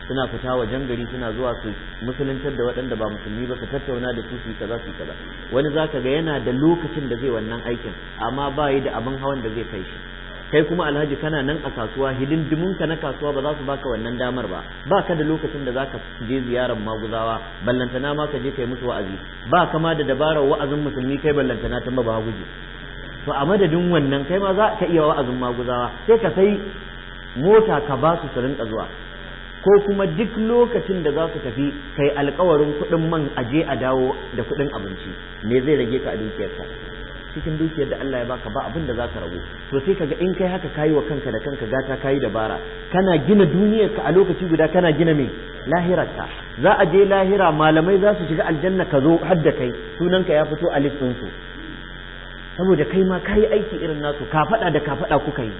suna fita wajen gari suna zuwa su musuluntar da waɗanda ba musulmi ba su tattauna da su su yi kaza su yi kaza wani zaka ga yana da lokacin da zai wannan aikin amma ba yi da abin hawan da zai kai shi kai kuma alhaji kana nan a kasuwa hidindimin ka na kasuwa ba za su baka wannan damar ba ba ka da lokacin da zaka je ziyarar maguzawa ballantana ma ka je kai musu wa'azi ba kama da dabarar wa'azin musulmi kai ballantana ta ba guje to a madadin wannan kai ma za ka iya wa'azin maguzawa sai ka sai mota ka ba su su zuwa ko kuma duk lokacin da za su tafi kai alkawarin kuɗin man aje a dawo da kuɗin abinci me zai rage ka a dukiyarka cikin dukiyar da Allah ya baka ba abin da za ka rabu to sai kaga in kai haka kayi wa kanka da kanka gata kayi dabara kana gina duniyar ka a lokaci guda kana gina me lahirarka za a je lahira malamai za su shiga aljanna ka zo har da kai sunanka ya fito a listin su saboda kai ma kayi aiki irin nasu ka faɗa da ka faɗa kuka yi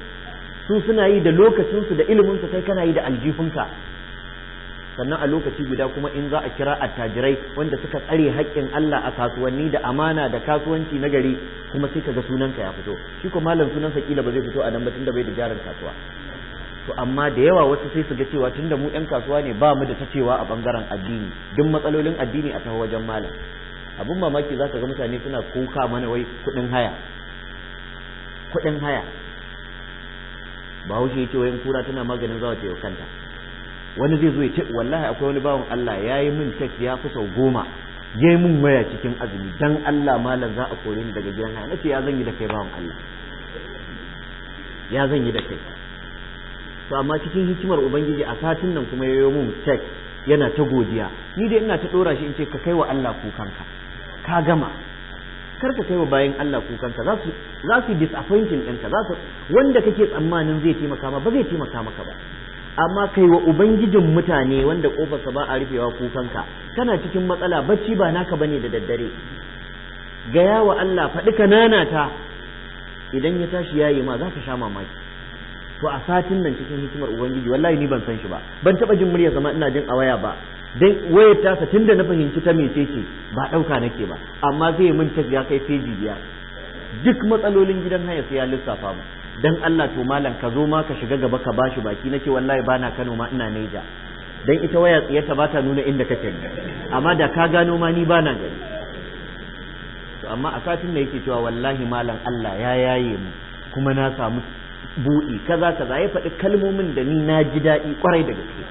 su suna yi da lokacinsu da iliminsu kai kana yi da aljifinka sannan a lokaci guda kuma in za a kira attajirai wanda suka tsare haƙƙin Allah a kasuwanni da amana da kasuwanci na gari kuma sai kaga sunanka ya fito shi ko malam sunansa kila ba zai fito a nan ba tunda bai da jarin kasuwa to amma da yawa wasu sai su ga cewa tunda mu yan kasuwa ne ba mu da ta cewa a bangaren addini duk matsalolin addini a taho wajen malam abun mamaki zaka ga mutane suna kuka mana wai kuɗin haya kuɗin haya bahaushe ya ce wayan kura tana maganin zawa ce kanta wani zai zo ya ce wallahi akwai wani bawan Allah ya yi min tek ya fi sau goma ya yi min waya cikin azumi dan Allah malam za a kore ni daga gidan haya nace ya zan yi da kai bawan Allah ya zan yi da kai to amma cikin hikimar ubangiji a satin nan kuma ya yi min tek yana ta godiya ni dai ina ta dora shi in ce ka kai wa Allah kukanka ka gama kar ka kai wa bayan Allah kukanka za su za su disappointing ɗinka za wanda kake tsammanin zai taimaka ma ba zai taimaka maka ba amma kai wa ubangijin mutane wanda kofarsa ba a rufewa kukanka kana cikin matsala bacci ba naka bane da daddare gaya wa Allah faɗi ka ta. idan ya tashi yayi ma za ka sha mamaki to a satin nan cikin hikimar ubangiji wallahi ni ban san shi ba ban taba jin murya zama ina jin a waya ba dan wayar tasa tunda na fahimci ta ce ba ɗauka nake ba amma zai mun tafi ya kai feji biya. duk matsalolin gidan haya sai ya lissafa mu dan Allah to malam ka zo ma ka shiga gaba ka bashi baki nake wallahi bana Kano ma ina Neja dan ita waya tsiyata ta bata nuna inda kake amma da ka gano ma ni bana gari to amma a satin da yake cewa wallahi malam Allah ya yaye mu kuma na samu buɗi kaza kaza ya faɗi kalmomin da ni na ji daɗi kwarai da gaske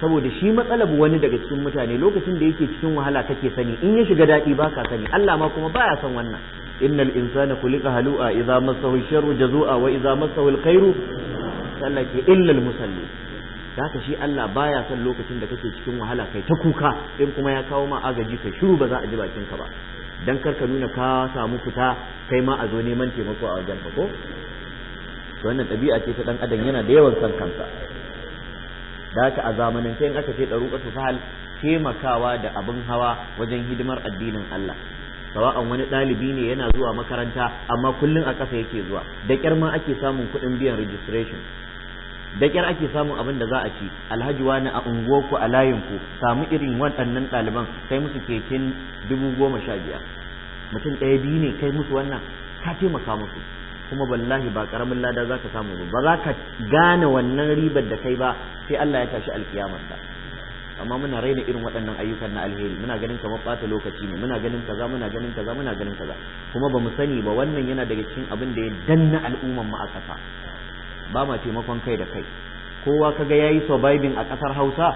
saboda shi matsalar wani daga cikin mutane lokacin da yake cikin wahala kake sani in ya shiga daɗi baka sani Allah ma kuma baya son wannan innal insana خلق halu'a idza مسه الشر jazu'a wa مسه الخير سلك sallake المسلم almusalli shi Allah baya son lokacin da kake cikin wahala kai ta kuka in kuma ya kawo ma agaji kai shiru ba za a ji bakin ka ba dan kar ka nuna ka samu fita kai ma a zo neman taimako a wajen ko to wannan ɗabi'a ce ta dan adam yana da yawan san kansa da a zamanin zamanance in aka ce ɗaruƙatu fahal taimakawa da abin hawa wajen hidimar addinin Allah sawa'an wani ɗalibi ne yana zuwa makaranta amma kullum a ƙasa yake zuwa da ƙyar ma ake samun kuɗin biyan registration da ƙyar ake samun abin da za a ci alhaji wani a unguwarku a layinku samu irin waɗannan ɗaliban kai musu keken dubu goma sha biyar mutum ɗaya biyu ne kai musu wannan ka taimaka musu kuma wallahi ba karamin lada za ka samu ba za ka gane wannan ribar da kai ba sai Allah ya tashi alkiyamarsa amma muna raina irin waɗannan ayyukan na alheri muna ganin kamar ɓata lokaci ne muna ganin kaza muna ganin kaza muna ganin kaza kuma ba mu sani ba wannan yana daga cikin abin da ya danna al'umman mu a ƙasa ba ma taimakon kai da kai kowa kaga yi surviving a ƙasar Hausa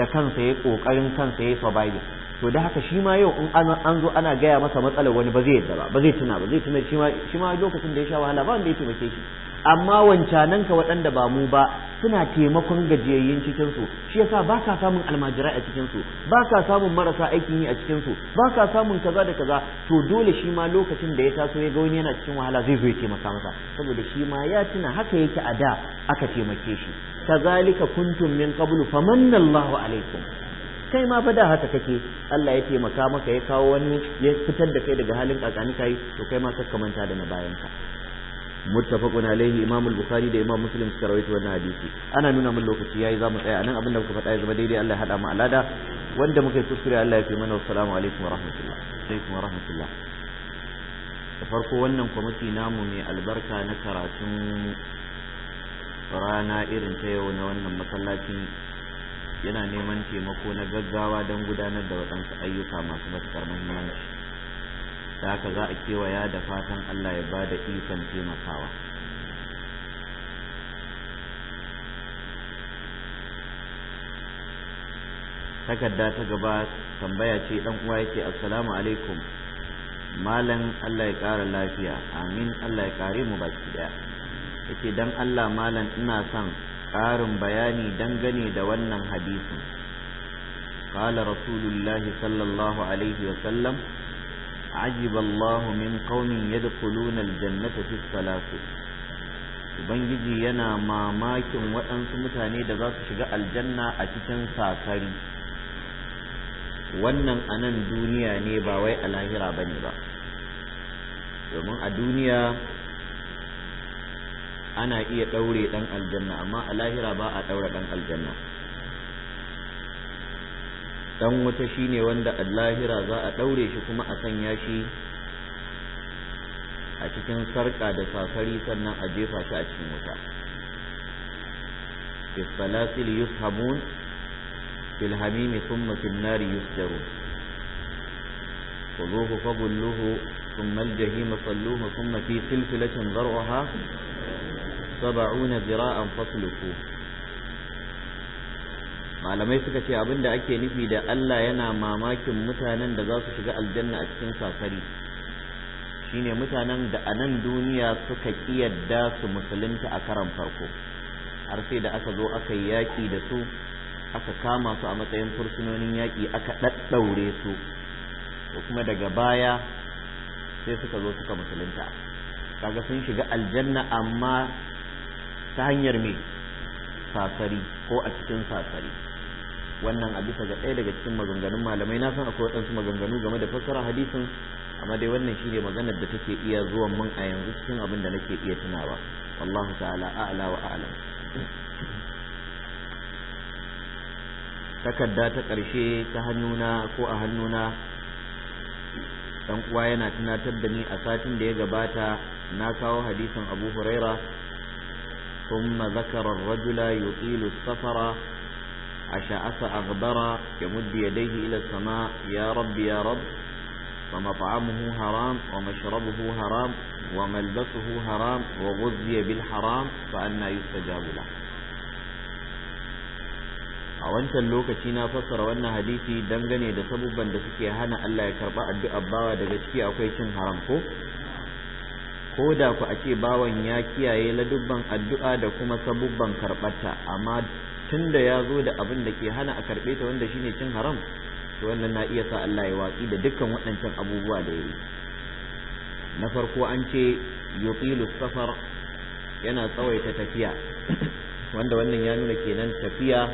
da kansa ya ƙoƙarin kansa ya surviving to da haka shi ma yau in an zo ana gaya masa matsalar wani ba zai yadda ba ba zai tuna ba zai tuna shi ma lokacin da ya sha wahala ba wanda ya taimake shi amma wancananka waɗanda ba mu ba suna taimakon gajiyayyun cikinsu shi yasa ba ka samun almajirai a cikinsu ba ka samun marasa aikin yi a cikinsu ba ka samun kaza da kaza to dole shi ma lokacin da ya taso ya ga wani yana cikin wahala zai zo ya taimaka masa saboda shi ma ya tuna haka yake a da aka taimake shi kazalika kuntum min qablu famanna Allahu alaikum kai ma fa da haka kake Allah ya taimaka maka ya kawo wani ya fitar da kai daga halin kakanin kai to kai ma kakka manta da na bayanka muttafaqun alaihi imam al-bukhari da imam muslim suka rawaito wannan hadisi ana nuna mun lokaci yayi zamu tsaya nan abinda muka faɗa ya zama daidai Allah ya hada mu alada wanda muka yi kuskure Allah ya fi mana assalamu alaikum wa rahmatullah alaikum wa rahmatullah da farko wannan kwamiti namu mai albarka na karatun rana irin ta yau na wannan masallaci yana neman taimako na gaggawa don gudanar da waɗansu ayyuka masu matuƙar muhimmanci da haka za a kewaya da fatan Allah ya ba da ikon taimakawa takarda ta gaba tambaya ce ɗan uwa yake assalamu alaikum malam Allah ya ƙara lafiya amin Allah ya kare mu baki daya yake dan Allah malam ina son ƙarin bayani dangane da wannan hadisin قال rasulullahi sallallahu alaihi wa sallam. عجب الله من قوم يدخلون الجنة في السلاسل ubangiji yana mamakin waɗansu mutane da za su shiga aljanna a cikin sakari wannan a nan duniya ne ba wai a lahira ba ne ba domin a duniya ana iya ɗaure ɗan aljanna amma a lahira ba a ɗaure ɗan aljanna dan wuta shine wanda a lahira za a daure shi kuma a sanya shi a cikin sarka da safari sannan a jefa shi a cikin wuta fisfalasil yushamun fil hamimi thumma fil nari yusjaru khudhuhu fagulluhu thumma al jahima thumma fi silsilatin dhar'uha sab'una dhira'an fasluku malamai suka ce abin da ake nufi da Allah yana mamakin mutanen da za su shiga aljanna a cikin safari shine mutanen da a nan duniya suka kiyarda su musulunta a karan farko har sai da aka zo aka yi yaƙi da su aka kama su a matsayin fursunonin yaƙi aka ɗaɗɗaure su ko kuma daga baya sai suka zo suka musulunta kaga sun shiga aljanna amma ta hanyar me safari ko a cikin safari. wannan a bisa ga ɗaya daga cikin maganganun malamai na san akwai waɗansu maganganu game da fassara hadisin amma dai wannan shine maganar da take iya zuwa mun a yanzu cikin abin da nake iya tunawa wallahu ta'ala a'la wa a'lam takarda ta ƙarshe ta hannuna ko a hannuna dan uwa yana tunatar da ni a satin da ya gabata na kawo hadisin abu huraira ثم ذكر الرجل يطيل safara. أشعث أغبر يمد يديه إلى السماء يا رب يا رب ومطعمه حرام ومشربه حرام وملبسه حرام وغذي بالحرام فأنا يستجاب له a wancan lokaci na fassara wannan hadisi dangane da sabubban da suke hana Allah ya karba addu'ar bawa daga ciki akwai cin haram ko ko da ku a ce bawan ya kiyaye ladubban addu'a da kuma sabubban karbata amma tunda ya zo da abin da ke hana a karɓe ta wanda shine cin haram to wannan na iya sa Allah ya watsi da dukkan waɗancan abubuwa da yayi na farko an ce yuqilu safar yana tsawaita tafiya wanda wannan ya nuna kenan tafiya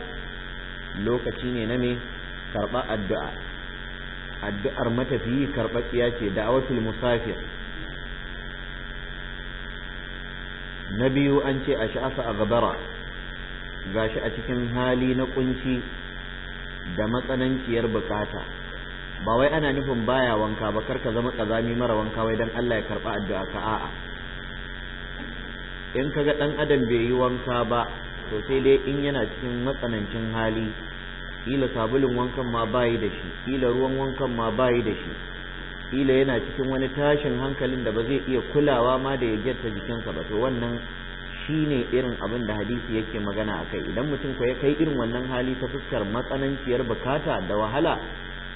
lokaci ne na me karɓa addu'a addu'ar matafiyi karɓaɓɓiya ce da'awatul musafir na biyu an ce a sha'asa a gabara gashi a cikin hali na kunci da matsananciyar bukata ba wai ana nufin baya wanka ba karka zama kazami mara wanka wai dan Allah ya karba addu'a ka a'a in kaga dan adam bai yi wanka ba to sai dai in yana cikin matsanancin hali ila sabulun wankan ma bayi da shi ila ruwan wankan ma bayi da shi ila yana cikin wani tashin hankalin da ba zai iya kulawa ma da ya jikinsa ba to wannan Shi ne irin abin da hadisi yake magana a kai idan mutum ko ya kai irin wannan hali ta fuskar matsananciyar bukata da wahala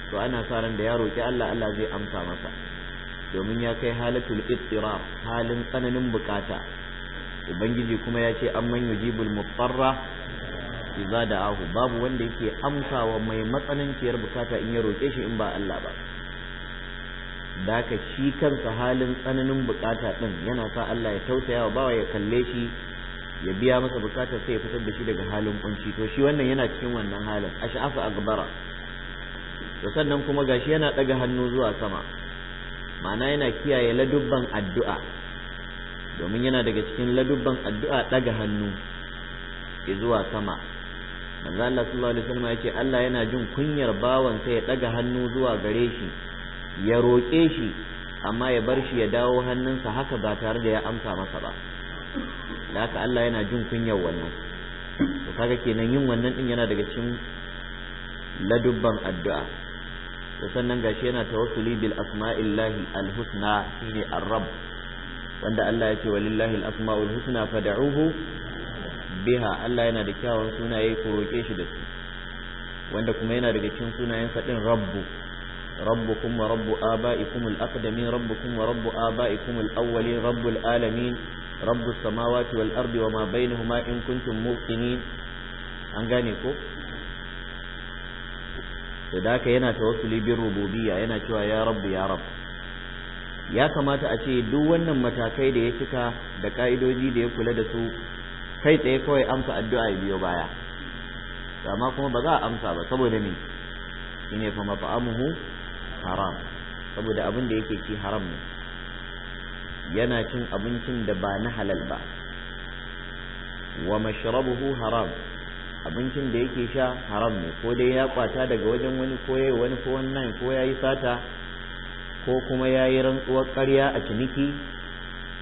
to ana sa ran da ya roki Allah Allah zai amsa masa domin ya kai halatul ittirar halin tsananin bukata ubangiji kuma ya ce amman yujibul mutarra idza da'ahu babu wanda yake amsawa mai matsananciyar bukata in ya roke shi in ba Allah ba da haka shi kansa halin tsananin bukata din yana sa Allah ya tausaya wa bawa ya kalle shi ya biya masa bukatar sai ya fitar da shi daga halin kunci to shi wannan yana cikin wannan halin ash'afa akbara to sannan kuma gashi yana daga hannu zuwa sama ma'ana yana kiyaye ladubban addu'a domin yana daga cikin ladubban addu'a daga hannu zuwa sama manzo Allah sallallahu alaihi wasallam ce Allah yana jin kunyar bawansa ya daga hannu zuwa gare shi ya roƙe shi amma ya bar shi ya dawo hannunsa haka ba tare da ya amsa masa ba da haka Allah yana jin kunyar wannan to kaga kenan yin wannan din yana daga cikin ladubban addu'a to sannan gashi yana tawassuli bil asma'illahi alhusna shine ar-rabb wanda Allah ya ce walillahi al-asma'ul husna fad'uhu biha Allah yana da kyawun sunaye ko roke shi da su wanda kuma yana daga cikin sunayen din rabbu ربكم ورب آبائكم الأقدمين ربكم ورب آبائكم الأولين رب العالمين رب السماوات والأرض وما بينهما إن كنتم موقنين أنغانيكو فذاك ينا توصلي بالربوبية ينا شوى يا رب يا رب ya kamata a ce duk wannan matakai da ya cika da ka'idoji da ya kula da su kai tsaye kawai amsa addu'a ya biyo baya dama kuma ba za a amsa ba saboda ne shine fa mafa'amuhu haram saboda abin da yake ci haram ne yana cin abincin da ba na halal ba wa mashrabuhu haram abincin da yake sha haram ne ko dai ya kwata daga wajen wani ko yayi wani ko wannan ko yayi sata ko kuma yayi rantsuwar ƙarya a ciniki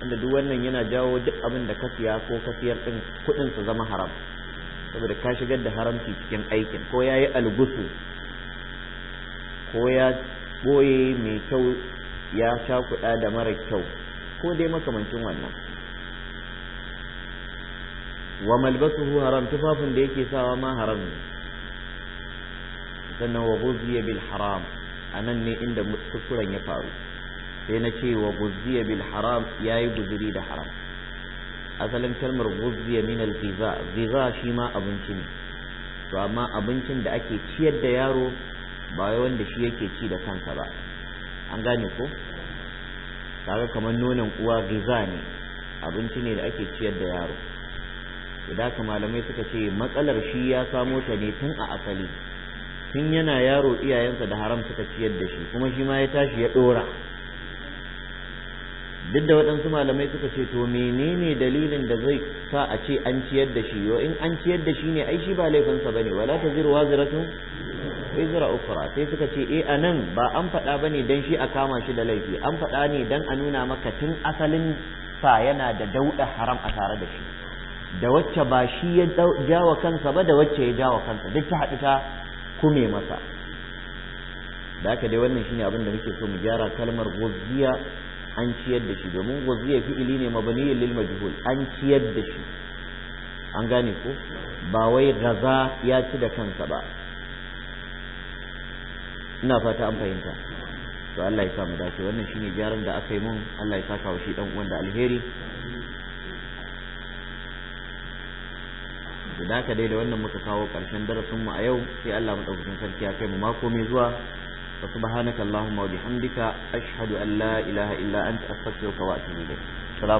wanda duk wannan yana jawo duk abin da ka siya ko ka siyar din kudin su zama haram saboda ka shigar da haramci cikin aikin ko yayi algusu ko ya boye mai kyau ya sha kuɗa da mara kyau ko dai makamancin wannan wa malbasuhu haram tufafin da yake sawa ma haram ne sannan wa guziya bil haram a nan ne inda kuskuren ya faru sai na ce wa guziya bil haram ya yi guziri da haram asalin kalmar guziya min al giza shi ma abinci ne to amma abincin da ake ciyar da yaro ba wai wanda shi yake ci da kansa ba an gane ko kaga kamar nonon uwa giza ne abinci ne da ake ciyar da yaro idan ka malamai suka ce matsalar shi ya samo ta ne tun a asali tun yana yaro iyayensa da haram suka ciyar da shi kuma shi ma ya tashi ya dora duk da waɗansu malamai suka ce to menene dalilin da zai sa a ce an ciyar da shi yo in an ciyar da shi ne ai shi ba laifinsa ba ne, wala ta taziru ziratun wizra ukra sai suka ce eh anan ba an faɗa bane dan shi a kama shi da laifi an faɗa ne dan a nuna maka tun asalin sa yana da dauɗa haram a tare da shi da wacce ba shi ya jawa kansa ba da wacce ya jawa kansa duk ta haɗu ta kume masa da haka dai wannan shine abin da muke so mu gyara kalmar gozziya an ciyar da shi domin gozziya fi'ili ne mabniyyin lil majhul an ciyar da shi an gane ko ba wai gaza ya ci da kansa ba ina fata an fahimta to Allah ya sa mu dace wannan shine gyaran da aka yi mun Allah ya saka wa shi dan uwan da alheri da haka dai da wannan muka kawo karshen darasin mu a yau sai Allah madaukakin sarki ya kai mu mako mai zuwa subhanakallahumma allahumma wa bihamdika ashhadu an la ilaha illa anta astaghfiruka wa atubu ilayk